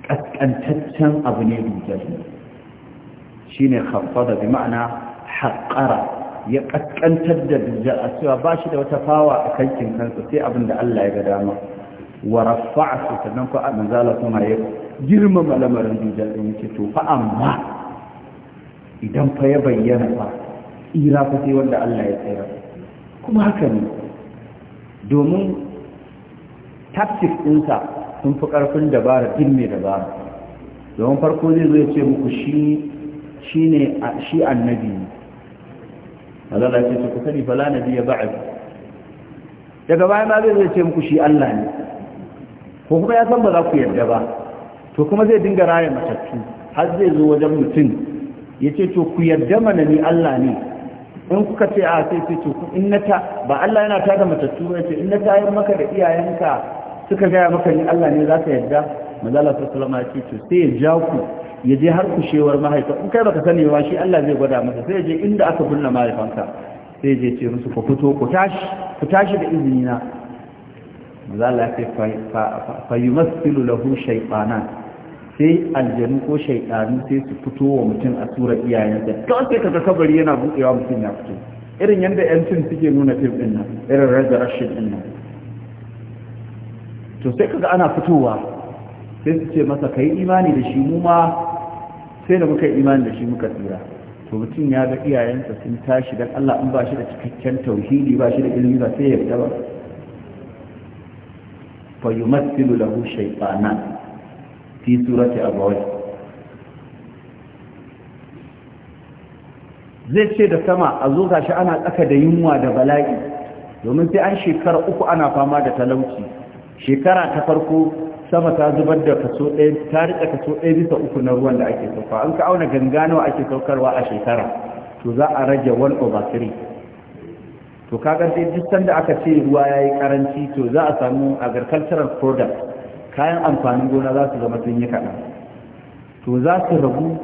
kaskantaccen abu ne minjal shine khaffada bi ma'ana haqqara ya kaskantar da a cewa ba shi da wata fawa a kankin kansa sai abin da Allah ya ga dama wa rafa'a su sannan ko a manzala kuma ya girmama lamarin dujjal ce to fa amma idan fa ya bayyana fa ira fa sai wanda Allah ya tsira kuma haka ne domin tactics ɗinsa sun fi ƙarfin dabara din mai dabara domin farko zai zo ya ce muku shi shi ne shi annabi ne Allah ya ce ku sani fala ya ba'd daga baya ma zai ce muku shi Allah ne ko kuma ya san ba za ku yarda ba to kuma zai dinga raya matattu har zai zo wajen mutum ya ce to ku yarda mana ni Allah ne in kuka ce a sai ce to in na ta ba Allah yana tada matattu ba ya ce in na tayar maka da iyayenka suka gaya maka ni Allah ne za ka yarda manzala ta salama ya ce sai ya ja ku ya je har kushewar mahaifa in kai baka sani ba shi Allah zai gwada masa sai ya je inda aka bunna mahaifanka sai je ce musu ku fito ku tashi ku tashi da izini na manzala ya ce fa yumassilu lahu shaytanan sai aljanu ko shaytanu sai su fito wa mutum a sura da kawai sai kaga kabari yana buɗewa mutum ya fito irin yadda yancin suke nuna fim din nan irin rage rashin nan to sai kaga ana fitowa sai su ce masa ka yi imani da shi mu ma sai da muka yi imani da shi muka tsira to mutum ya ga iyayensa sun tashi don Allah in ba shi da cikakken tauhidi ba shi da ilimi ba sai ya fita ba fa yumathilu lahu shaytanan fi surati abawai zai ce da sama a zo gashi ana tsaka da yunwa da bala'i domin sai an shekara uku ana fama da talauci shekara ta farko sama ta zubar da kaso ɗaya ta rika kaso ɗaya bisa uku na ruwan da ake sauka an ka auna gangano ake saukarwa a shekara to za a rage one over three to kaga dai duk sanda aka ce ruwa ya yi karanci to za a samu agricultural product kayan amfanin gona za su zama sun yi kaɗan to za su rabu,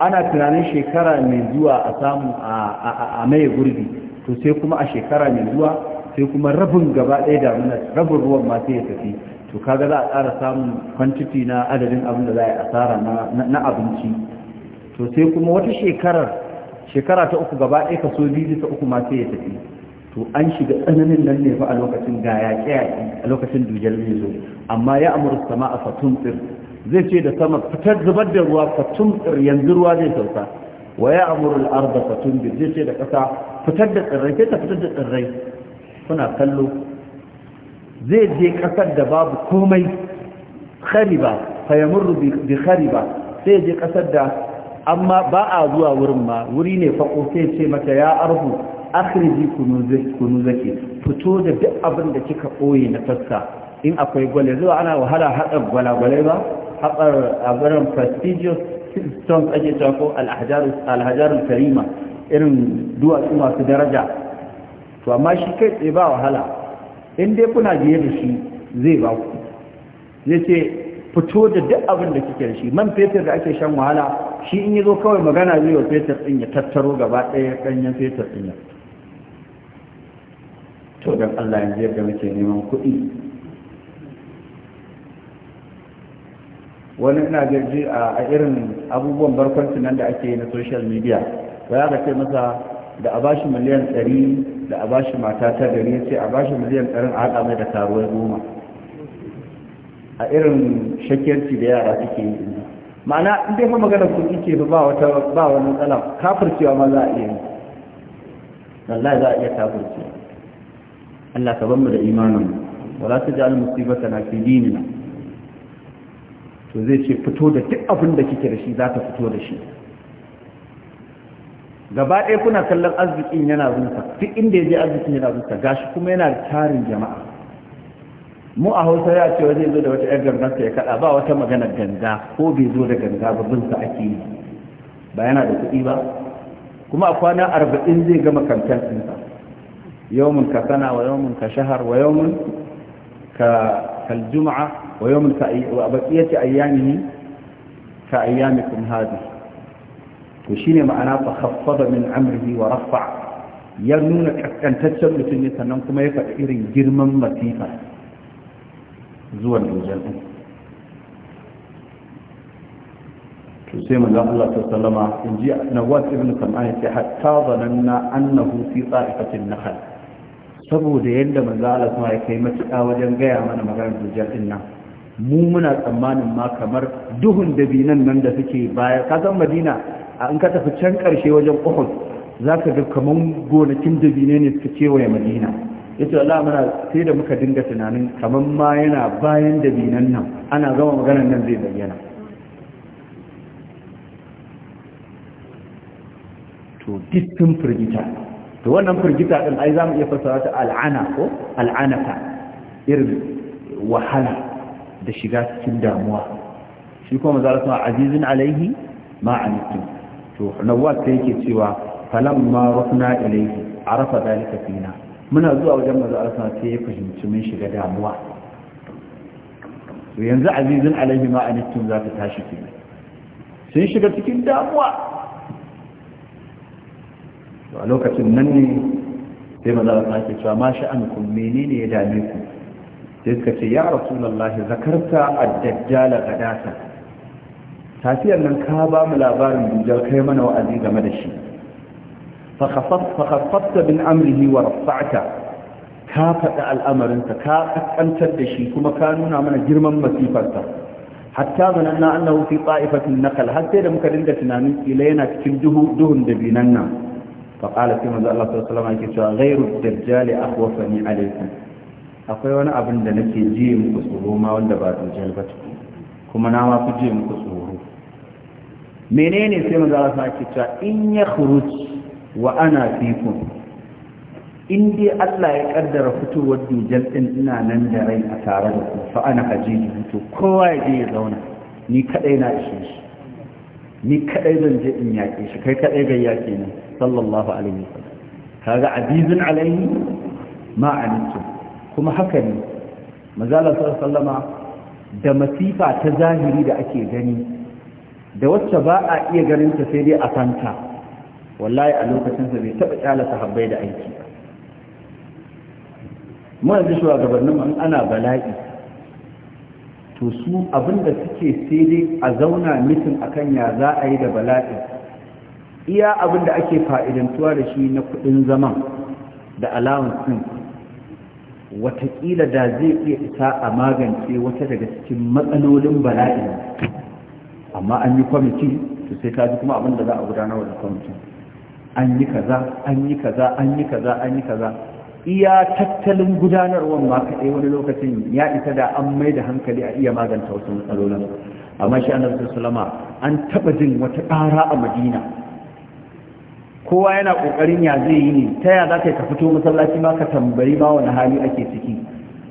ana tunanin shekara mai zuwa a samu a maye gurbi to sai kuma a shekara mai zuwa sai kuma rabin gaba ɗaya damunan, rabin ruwan ma sai ya tafi to kaga za a ƙara samun kwantiti na adadin abin da za a yi asara na abinci to sai kuma wata shekarar shekara ta uku gaba ɗaya kaso biyu ta uku ma sai ya tafi to an shiga tsananin nan ne fa a lokacin ga yaƙe yaƙi a lokacin dujal zai zo amma ya amurka sama a fatun tsir zai ce da sama fitar zubar da ruwa fatun tsir yanzu ruwa zai sauka wa ya amurul arda fatun zai ce da ƙasa fitar da tsirrai sai ta fitar da tsirrai kuna kallo zai je ƙasar da babu komai khariba fayamurru bi khariba sai je ƙasar da amma ba a zuwa wurin ma wuri ne fako sai ce mata ya arhu akhriji kunuzaki fito da duk abin da kika ɓoye na fassa in akwai gwale zuwa ana wahala haɗa gwal-gwale ba haɓar abinan prestigious stones ake cewa ko alhajarun karima irin duwatsu masu daraja to amma shi kai tsaye ba wahala in dai kuna biye da shi zai ba ku zai ce fito da duk abin da kike da shi man fetur da ake shan wahala shi in yi zo kawai magana zai wa fetur ɗin ya tattaro gaba ɗaya ɗanyen fetur ɗin ya to don allah yanzu yadda muke neman kuɗi wani ina gaji a irin abubuwan barkwanci nan da ake yi na social media ba ya ce masa da a bashi miliyan ɗari da a bashi mata ta gari ya ce a bashi miliyan ɗarin haɗa mai da karuwar goma a irin shakiyarci da yara suke yi ma'ana in dai fa magana kuɗi ce ba wata ba wani matsala kafircewa ma za a iya yi wallahi za a iya kafirce Allah ka bar da imanin wala taj'al na fi dinina to zai ce fito da duk abin da kike da shi za ta fito da shi gaba ɗaya kuna kallon arzikin yana zuwa duk inda ya je arzikin yana zuwa gashi kuma yana tarin jama'a mu a hausa ya ce waje zo da wata yar gangan ya kada ba wata magana ganga ko bai zo da ganga ba bin ake yi ba yana da kuɗi ba kuma a kwana arba'in zai gama kamfen ɗinsa yawmin ka sana wa yawmin ka shahar wa yawmin ka kaljuma'a wa yawmin ka a baqiyati ayyamihi ka kun to shine ma'ana fa khaffada min amrihi wa rafa ya nuna kaskantaccen mutum ne sannan kuma ya faɗi irin girman masifa zuwan dujal din to sai manzo Allah sallama in ji Nawas ibn Sam'an ya hatta zananna annahu fi ta'ifatin nahl saboda yadda manzo Allah kuma ya kai matuƙa wajen gaya mana maganar dujal din nan mu muna tsammanin ma kamar duhun dabinan nan da suke baya ka san madina a in ka tafi can karshe wajen uhud za ka ga kaman gonakin dabine ne suka kewaye madina ya ce Allah muna sai da muka dinga tunanin kamar ma yana bayan dabinan nan ana gama maganar nan zai bayyana to dukkan firgita to wannan firgita din ai za mu iya fassara ta al'ana ko al'anata irin wahala da shiga cikin damuwa shi kuma maza Allah azizin alaihi ma'anikin to nawwat sai yake cewa falamma rufna ilayhi arafa dalika fina muna zuwa wajen manzo Allah sai ya fahimci mun shiga damuwa to yanzu azizun alaihi ma anittum za ta tashi ki sun shiga cikin damuwa to a lokacin nan ne sai manzo Allah ya cewa, ma sha'anukum menene ya dame ku sai suka ce ya rasulullahi zakarta ad-dajjal gadata safiyar nan ka ba mu labarin dujjal kai mana wa'azi game da shi fakhaffafta bin amrihi wa rafa'ta ka faɗi al'amarinsa ka kaskantar da shi kuma ka nuna mana girman masifarsa hatta na zananna annahu fi ta'ifatin naqal har sai da muka dinga tunanin kila yana cikin duhun da binan nan fa qala sai manzo Allah sallallahu alaihi wasallam yake cewa ghairu dajjal akhwafani alaikum akwai wani abin da nake ji muku tsoro ma wanda ba dajjal ba kuma na ma ku ji muku tsoro menene sai maza sa ke cewa in ya khuruj wa ana fikun in dai Allah ya kaddara fitowar dujal din ina nan da rai a tare da ku fa ana ajiji to kowa ya je ya zauna ni kadai na ishe shi ni kadai zan je in yaƙe shi kai kadai ga yaƙe ne sallallahu alaihi wasallam kaga azizun alaihi ma anittum kuma haka ne manzo Allah sallama da masifa ta zahiri da ake gani da wacce ba a iya ganin ta sai dai a fanta, wallahi a lokacinsa bai taɓa kyala sahabbai da aiki mu yanzu shugabannin mu ana bala'i to su abinda suke sai dai a zauna mitin akan ya za a yi da bala'i iya abinda ake fa'idantuwa da shi na kudin zaman da allowance din watakila da zai iya isa a magance wata daga cikin matsalolin bala'i. amma an yi kwamiti to sai ka ji kuma abin da za a gudanar da kwamiti an yi kaza an yi kaza an yi kaza an yi kaza iya tattalin gudanarwar ma kaɗai wani lokacin ya isa da an mai da hankali a iya maganta wasu matsalolin amma shi annabi sallama an taba jin wata ƙara a madina kowa yana ƙoƙarin ya zai yi ne ta ya za ka fito masallaci ma ka tambayi ma wani hali ake ciki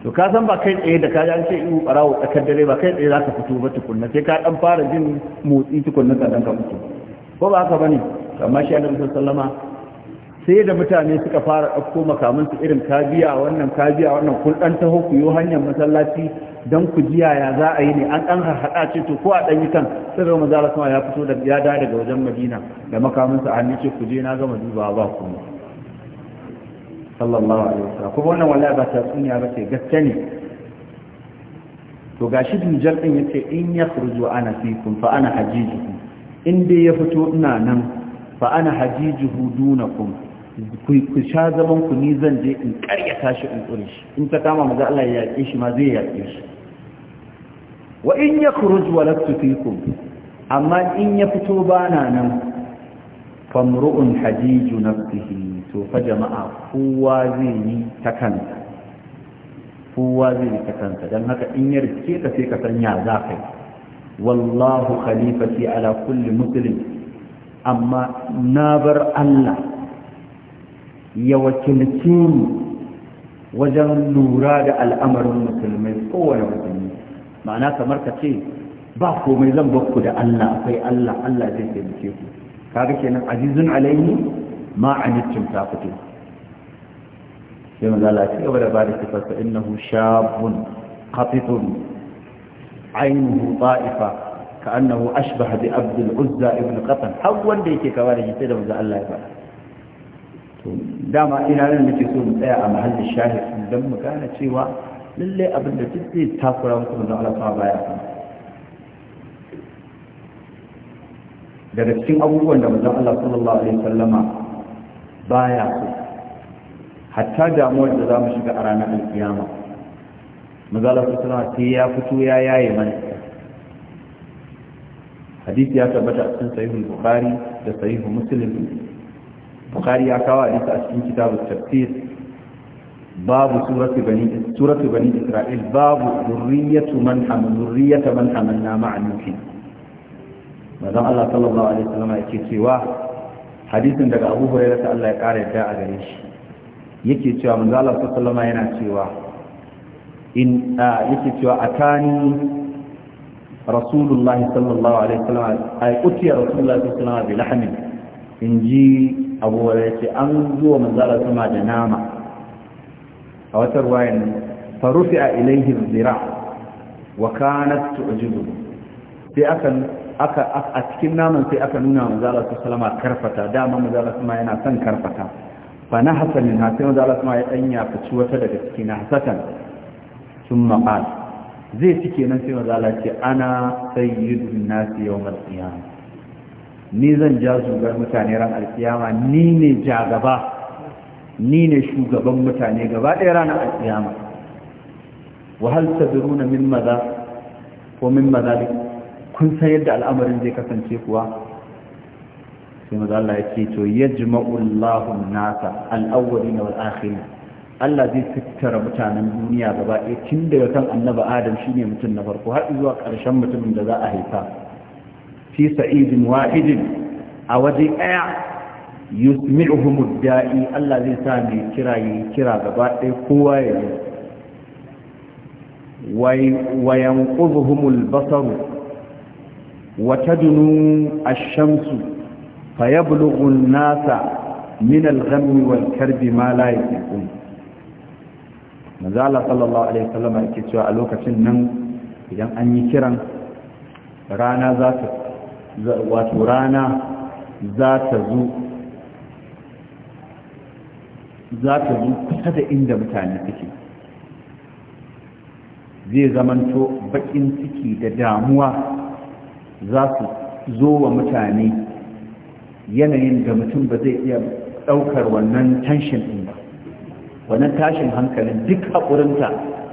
to ka san ba kai tsaye da ka ji an ce ihu barawo tsakar dare ba kai tsaye za ka fito ba tukunna sai ka dan fara jin motsi tukunna ka dan ka fito ko ba haka bane kamar shi annabi sallama sai da mutane suka fara ɗauko makamansu irin kabiya wannan kabiya wannan kun ɗan taho ku yi hanyar masallaci dan ku jiya ya za a yi ne an ɗan harhaɗa ce to ko a dan yi kan sai da maza ya fito da ya da daga wajen madina da makamansa a hannu ce ku je na gama dubawa ba ne. sallallahu alaihi wasallam kuma wannan wallahi ba ta tsuniya ba ce gaske ne to gashi dujal din yace in ya khruju ana fikum fa ana hajijuhu in dai ya fito ina nan fa ana hajijuhu dunakum ku sha zaman ku ni zan je in karyata shi in tsure shi in ta kama maza Allah ya yaƙe shi ma zai yaƙe shi wa in ya khruju walastu fikum amma in ya fito ba na nan famru'un hajiju nafsihi to fa jama'a kowa zai yi ta kansa kowa zai yi ta kansa don haka in ya riske ka sai ka san ya za ka yi wallahu khalifati ala kulli muslim amma na bar Allah ya wakilci ni wajen lura da al'amarin musulmai kowane musulmi ma'ana kamar ka ce ba komai zan bakku da Allah akwai Allah Allah zai taimake ku kaga kenan azizun alaihi ma anittum ta fito sai manzo Allah ya gaba da bada sifar sa innahu shabun qatitun aynuhu ta'ifa ka'annahu ashbaha bi abd al-uzza ibn qatan har wanda yake kawa da sai da maza Allah ya faɗa dama ina nan nake so mu tsaya a mahallin shahid don mu gane cewa lalle abin da duk zai takura muku manzo Allah ta baya ba. daga cikin abubuwan da manzo Allah sallallahu alaihi wasallama baya so hatta damuwar da za mu shiga a ranar alkiyama mazala su suna sai ya fito ya yaye mana hadisi ya tabbata a cikin sahihul bukhari da sahihul muslim bukhari ya kawo hadisi a cikin kitabut tafsir babu suratu bani suratu bani isra'il babu zurriyatu man hamal zurriyata man hamalna ma'a nuhin manzon Allah sallallahu alaihi wasallam yake cewa hadisin daga Abu Hurairah ta Allah ya kare da a gare shi yake cewa manzo Allah salama yana cewa in yake cewa atani rasulullahi sallallahu alaihi wasallam ay utiya rasulullahi sallallahu alaihi wasallam bi lahmin inji Abu Hurairah ce an zuwa manzo Allah sama da nama a wata ruwayan farufi a ilaihin zira wa kanat tu'jibu sai akan a cikin naman sai aka nuna manzo Allah sallama karfata dama manzo Allah sallama yana son karfata fa na hasanin ha sai manzo Allah sallama ya danya fici wata daga cikin hasatan sun qal zai ci kenan sai manzo Allah ce ana sayyidun nasi yawmal qiyamah ni zan ja zugar mutane ran alkiyama ni ne ja gaba ni ne shugaban mutane gaba ɗaya ranar alkiyama wa hal tadruna min madha ko min madalik kun san yadda al'amarin zai kasance kuwa sai maza Allah ya ce to yajma'u Allahu nasa na awwalina wal Allah zai tattara mutanen duniya gaba ɗaya tun daga kan annabi Adam shine mutum na farko har zuwa ƙarshen mutumin da za a haifa fi sa'idin wahidin a waje ɗaya yusmi'uhum da'i Allah zai sa mai kira yi kira gaba ɗaya kowa ya ji wa yanquzuhum basaru وتدنو الشمس فيبلغ الناس من الغم والكرب ما لا يطيقون manzala sallallahu alaihi wasallam yake cewa a lokacin nan idan an yi kiran rana za ta wato rana za ta zo za ta zo kusa da inda mutane suke zai zamanto bakin ciki da damuwa za su zo wa mutane yanayin da mutum ba zai iya ɗaukar wannan tashin ɗin ba wannan tashin hankalin duk haƙurinta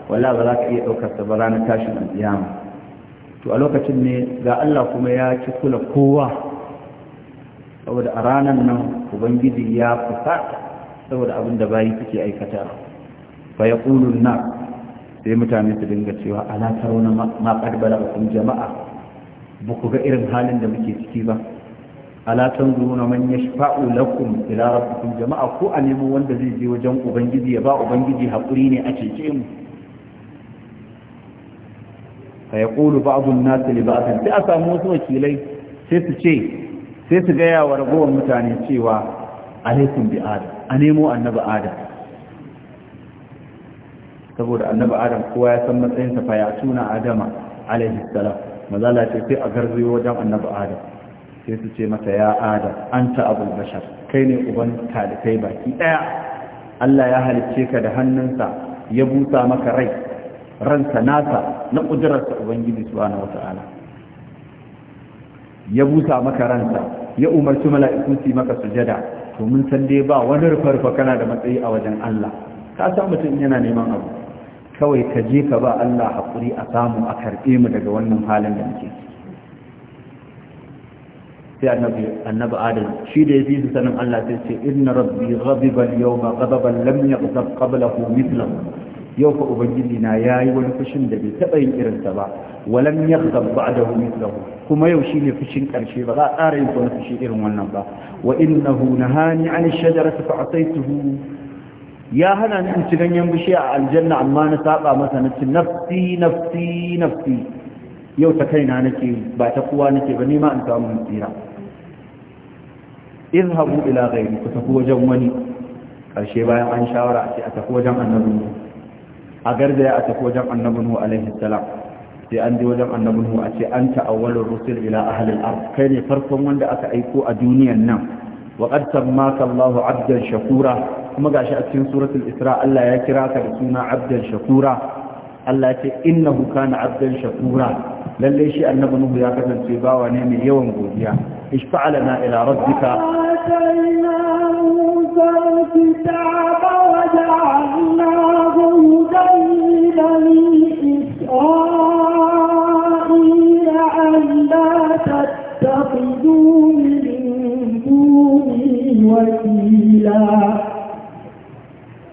wala ba za ka iya ɗaukar ta ba ranar tashin alƙiyama to a lokacin ne ga Allah kuma ya ci kula kowa saboda a ranar nan ubangiji ya fusata saboda abin da bayi suke aikata fa ya na sai mutane su dinga cewa ala taro na maƙarbala jama'a ba ku ga irin halin da muke ciki ba ala tanzuruna man yashfa'u lakum ila rabbikum jama'a ko a nemo wanda zai je wajen ubangiji ya ba ubangiji hakuri ne a cece mu fa yaqulu ba'd an-nas li ba'd sai a samu wasu wakilai sai su ce sai su ga yawa ragowar mutane cewa alaikum bi adam a nemo annabi adam saboda annabi adam kowa ya san matsayinsa fa ya tuna adama alaihi salam mazala ce sai a garzuyo wajen annabi adam sai su ce masa ya adam ta abul bashar kai ne uban talikai baki daya Allah ya halicce ka da hannunsa ya busa maka rai ransa nasa na kudurarsa ubangiji subhanahu wata'ala ya busa maka ransa ya umarci mala'iku su maka sujada to mun san dai ba wani rufa-rufa kana da matsayi a wajen Allah ka san mutum yana neman abu kawai ka je ka ba Allah haƙuri a samu a karɓe mu daga wannan halin da muke sai annabi annabi adam shi da yafi su sanin Allah sai ce inna rabbi ghadiba al-yawma ghadaban lam yaqtab qablahu mithlahu yau fa ubangiji na yayi wani fushin da bai taɓa yin sa ba walam yaghdab ba'dahu mithlahu kuma yau shine fushin karshe ba za a ƙara yin wani fushi irin wannan ba wa innahu nahani 'an ash-shajarati fa ya hana ni in ci ganyen bishiya a aljanna amma na saba masa na ci nafsi nafsi nafsi yau ta kaina nake ba ta kowa nake ba nema in samu tsira izhabu ila ghairi ku tafi wajen wani karshe bayan an shawara a ce a tafi wajen annabi nu a garzaya a tafi wajen annabi nu alaihi salam sai an je wajen annabi nu a ce an ta'awwalur rusul ila ahli al-ard kai ne farkon wanda aka aiko a duniyan nan wa qad sammaka Allahu 'abdan shakura kuma gashi a cikin suratul isra Allah ya kira ka da suna abdan shakura Allah ya ce innahu kana abdan shakura lalle shi annabi nuhu ya kasance bawa ne mai yawan godiya ishfa'alana ila rabbika Yeah.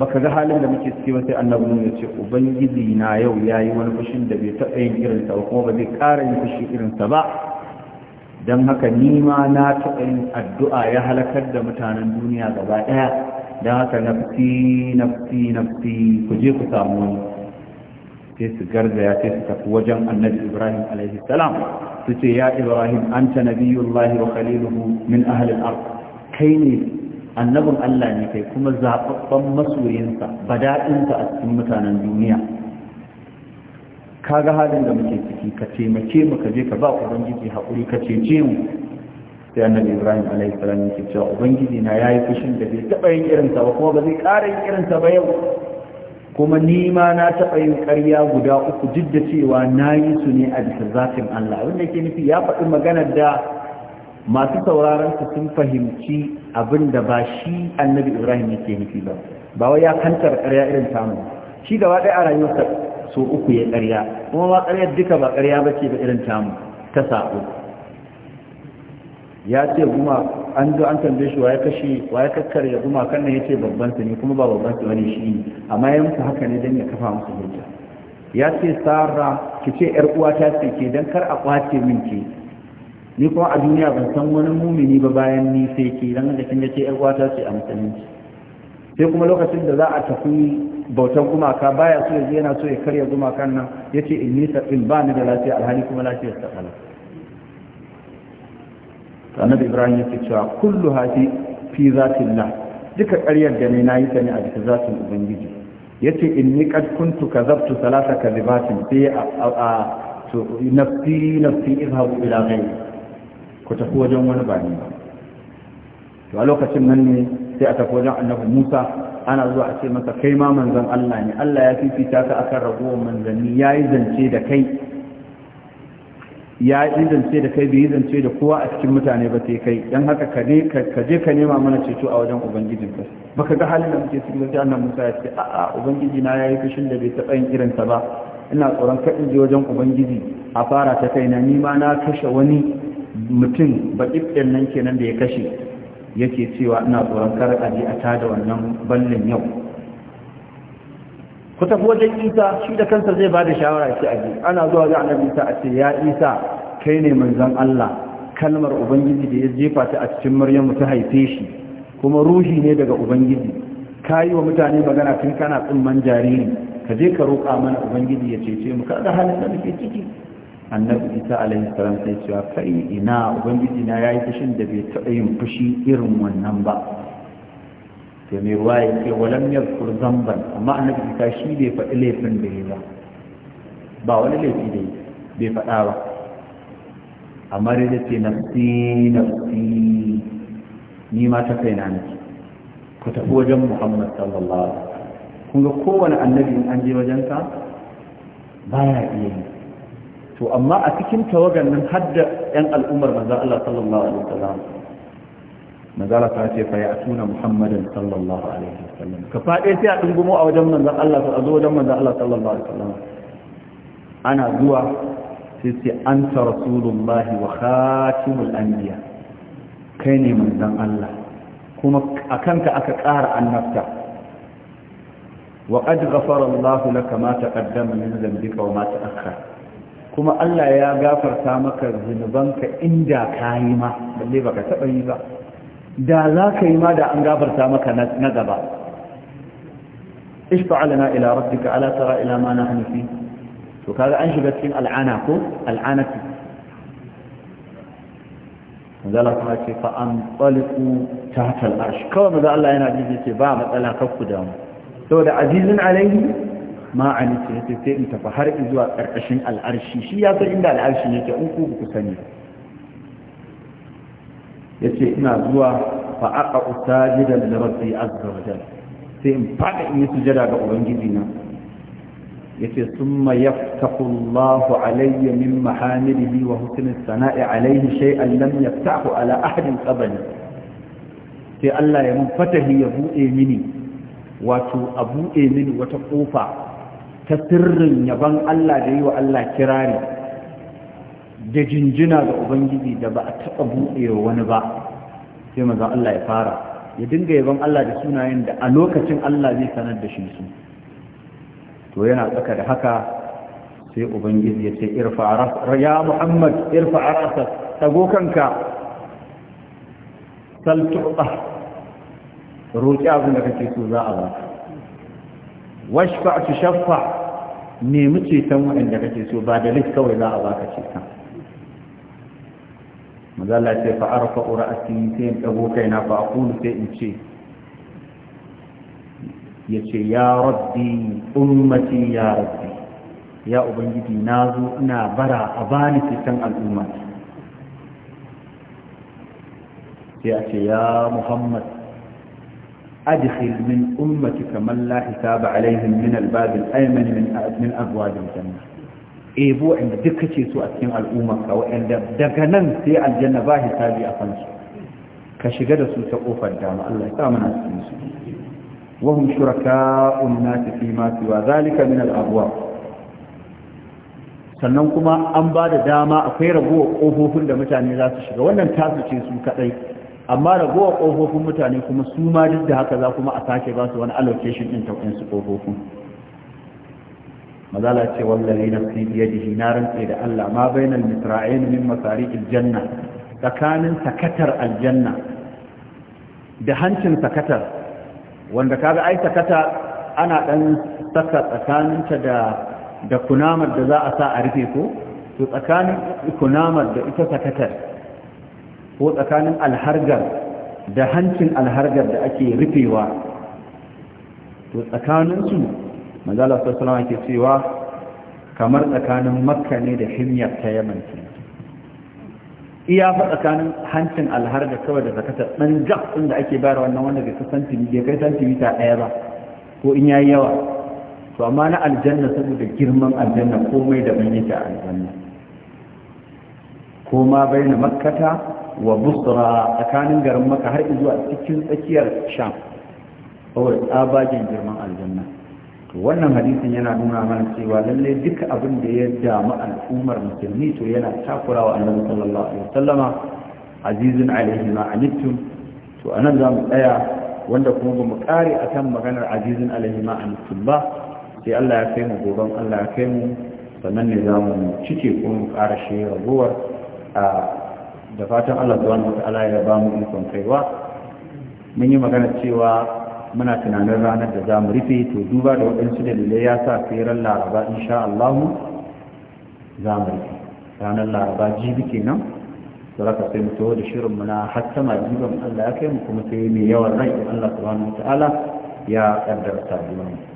baka ga halin da muke ciki ba sai annabi ya ce ubangiji na yau yayi wani fushin da bai taɓa yin irin sa ba kuma ba zai ƙara yin fushi irin ba dan haka ni ma na taɓa yin addu'a ya halakar da mutanen duniya gaba ɗaya Don haka nafsi nafsi nafsi ku je ku samu wani sai su garzaya sai su tafi wajen annabi ibrahim alaihi salam su ce ya ibrahim anta nabiyullahi wa khaliluhu min ahli al-ard kai ne annabin Allah ne kai kuma zaɓaɓɓen masoyinsa ba daɗinsa a cikin mutanen duniya kaga halin da muke ciki ka taimake mu ka je ka ba ubangiji haƙuri ka cece mu sai annabi ibrahim alaihi salam yake cewa ubangiji na yayi fushin da bai taɓa yin irinsa ba kuma ba zai ƙara yin irinsa ba yau kuma ni ma na taɓa yin ƙarya guda uku duk da cewa na yi su ne a bisa zafin Allah abin da ke nufi ya faɗi maganar da masu sauraron su sun fahimci abin da ba shi annabi ibrahim yake nufi ba ba wai ya kantar ƙarya irin samu shi gaba ɗaya a rayuwarsa so uku ya ƙarya kuma ba karya duka ba ƙarya ba ce ba irin tamu ta sa'o ya ce guma an zo an tambaye shi waye kashe waye kakkarya guma kan nan yace babban sa ne kuma ba babban sa bane shi ne amma ya musu haka ne dan ya kafa musu hujja ya ce sara ki ce yar uwa ta ce ke dan kar a kwace min ki ni kuma a duniya ban san wani mumini ba bayan ni sai ke dan da kin ce yar uwata ce a musulunci sai kuma lokacin da za a tafi bautan gumaka baya so ya yana so ya karya gumakan nan yace in nisa in ba ni da lafiya alhali kuma lafiyar ta kala annabi ibrahim yace cewa kullu hati fi zatillah duka ƙaryar da ne nayi ta ne a bisa zatin ubangiji yace ni kad kuntu salasa salata kadhibatin sai a nafsi nafsi idhabu ila ghayri ku tafi wajen wani ba ba to a lokacin nan ne sai a tafi wajen annabi Musa ana zuwa a ce masa kai ma manzan Allah ne Allah ya fifita ka akan ragowar manzanni yi zance da kai ya yi zance da kai bai zance da kowa a cikin mutane ba sai kai don haka ka je ka nema mana ceto a wajen ubangijin ka baka ga halin da muke ciki sai annabi Musa ya ce a'a ubangiji na yayi fushin da bai taɓa yin irin ta ba ina tsoron ka in je wajen ubangiji a fara ta kaina ni ma na kashe wani mutum baƙi ɗin nan kenan da ya kashe yake cewa ina tsoron kar a je a tada wannan ballin yau ku tafi wajen isa shi da kansa zai ba da shawara ce a je ana zuwa ga annabi isa a ce ya isa kai ne manzon Allah kalmar ubangiji da ya jefa ta a cikin maryamu ta haife shi kuma ruhi ne daga ubangiji Ka yi wa mutane magana tun kana tsimman jariri ka je ka roƙa mana ubangiji ya cece mu kada halin da muke ciki annabi isa alaihi salam sai cewa kai ina ubangiji na yayi fushin da bai taɓa yin fushi irin wannan ba to me ruwa ya ce walam yadhkur zamban amma annabi isa shi bai faɗi laifin da ya ba ba wani laifi da bai faɗa ba amma dai ce nafsi nafsi ni ma ta kaina nake ku tafi wajen muhammad sallallahu alaihi wasallam kun ga kowane annabi in an je wajen wajensa baya iya yi to amma a cikin tawagan nan hadda yan al'umar manzo Allah sallallahu alaihi wasallam manzo Allah ta ce fa ya tuna Muhammadin sallallahu alaihi wasallam ka fade sai a dungumo a wajen manzo Allah a zo wajen manzo Allah sallallahu alaihi wasallam ana zuwa sai sai anta rasulullahi wa khatimul anbiya kai ne manzo Allah kuma akan ka aka ƙara annabta wa qad ghafara Allah laka ma taqaddama min dhanbika wa ma ta'akhkhara kuma Allah ya gafarta maka zunubanka inda ka yi ma balle baka taɓa yi ba da za ka yi ma da an gafarta maka na gaba ishfa alana ila rabbika ala tara ila ma nahnu fi to kaga an shiga cikin al'ana ko al'anati zala kuma ce fa an tsaliku ta hatar arshi kawai maza Allah yana jiji ce ba matsala kakku damu saboda azizin alaihi Ma'ani anita yace sai in tafi har zuwa ƙarƙashin al'arshi shi ya san inda al'arshi yake ke ku ku sani yace ina zuwa fa aqa usajidan li rabbi azza wa sai in faɗa in yi sujada ga ubangiji na yace sun yaftahu Allahu alayya min mahamidihi wa husni sana'i alayhi shay'an lam yaftahu ala ahadin qabli sai Allah ya mun fatahi ya buɗe mini wato a buɗe mini wata ƙofa ta sirrin yaban Allah da yi wa Allah kirari da jinjina ga Ubangiji da ba a taɓa buɗewa wani ba sai maza Allah ya fara ya dinga yaban Allah da sunayen da a lokacin Allah zai sanar da shi su to yana tsaka da haka sai Ubangiji ya ce irfa ya Muhammad irfa arasa tago kanka sal tu'ta roki abin da kake so za a ba washfa tu nemi ceton waɗanda kake so ba da lissa kawai za a baka ceton mazala ce fa arfa ura asiri sai in ɗago na, fa aqulu sai in ce ya ce ya rabbi ummati ya rabbi ya ubangiji na zo ina bara a bani ceton al'umma sai a ce ya muhammad أدخل من أمتك من لا حساب عليهم من الباب الأيمن من من أبواب الجنة ebo inda duka su a cikin al'ummarka waɗanda daga nan sai aljanna ba hisabi a kansu ka shiga da su ta kofar dama Allah ya sa mana cikin su wa hum shuraka'un nas fi ma siwa zalika min al sannan kuma an ba da dama akwai ragowar kofofin da mutane za su shiga wannan tasu ce su kaɗai. amma ragowar ƙofofin mutane kuma su ma duk da haka za kuma a sake ba su wani allocation ɗin ta su ƙofofin mazala ce wallahi na fi biyadihi na rantse da Allah ma bainal misra'ain min masariqil janna tsakanin sakatar aljanna da hancin sakatar wanda kaga ai sakata ana dan saka tsakaninta da da kunamar da za a sa a rufe ko to tsakanin kunamar da ita sakatar ko tsakanin alhargar da hancin alhargar da ake rufewa to tsakaninsu manzala sassalama ke cewa kamar tsakanin makka ne da himyar ta yaman ke iya fa tsakanin hancin alharga kawai da zakatar ɗan gaf ɗin da ake bayar wannan wanda bai kai santimita ɗaya ba ko in yayi yawa to amma na aljanna saboda girman aljanna komai ban yake a aljanna ko ma bai na makkata wa busra tsakanin garin maka har zuwa cikin tsakiyar sham saboda tsabagen girman aljanna wannan hadisin yana nuna mana cewa lallai duka abin da ya damu al'ummar musulmi to yana takura wa annabi sallallahu alaihi wasallama azizun alaihi ma anittum to anan za mu tsaya wanda kuma ba mu kare akan maganar azizun alaihi ma anittum ba sai Allah ya kai mu Allah ya kai mu sannan ne za mu cike ko mu ƙara shi ragowar a da fatan Allah subhanahu ya ba mu ikon kaiwa mun yi magana cewa muna tunanin ranar da za mu rufe to duba da waɗansu dalilai ya sa tseren laraba insha Allah za mu rufe ranar laraba jibi kenan da raka sai mu taho da mu na hatta ma jibin Allah ya kai mu kuma sai mai yawan rai Allah subhanahu wata'ala ya kaddara mu.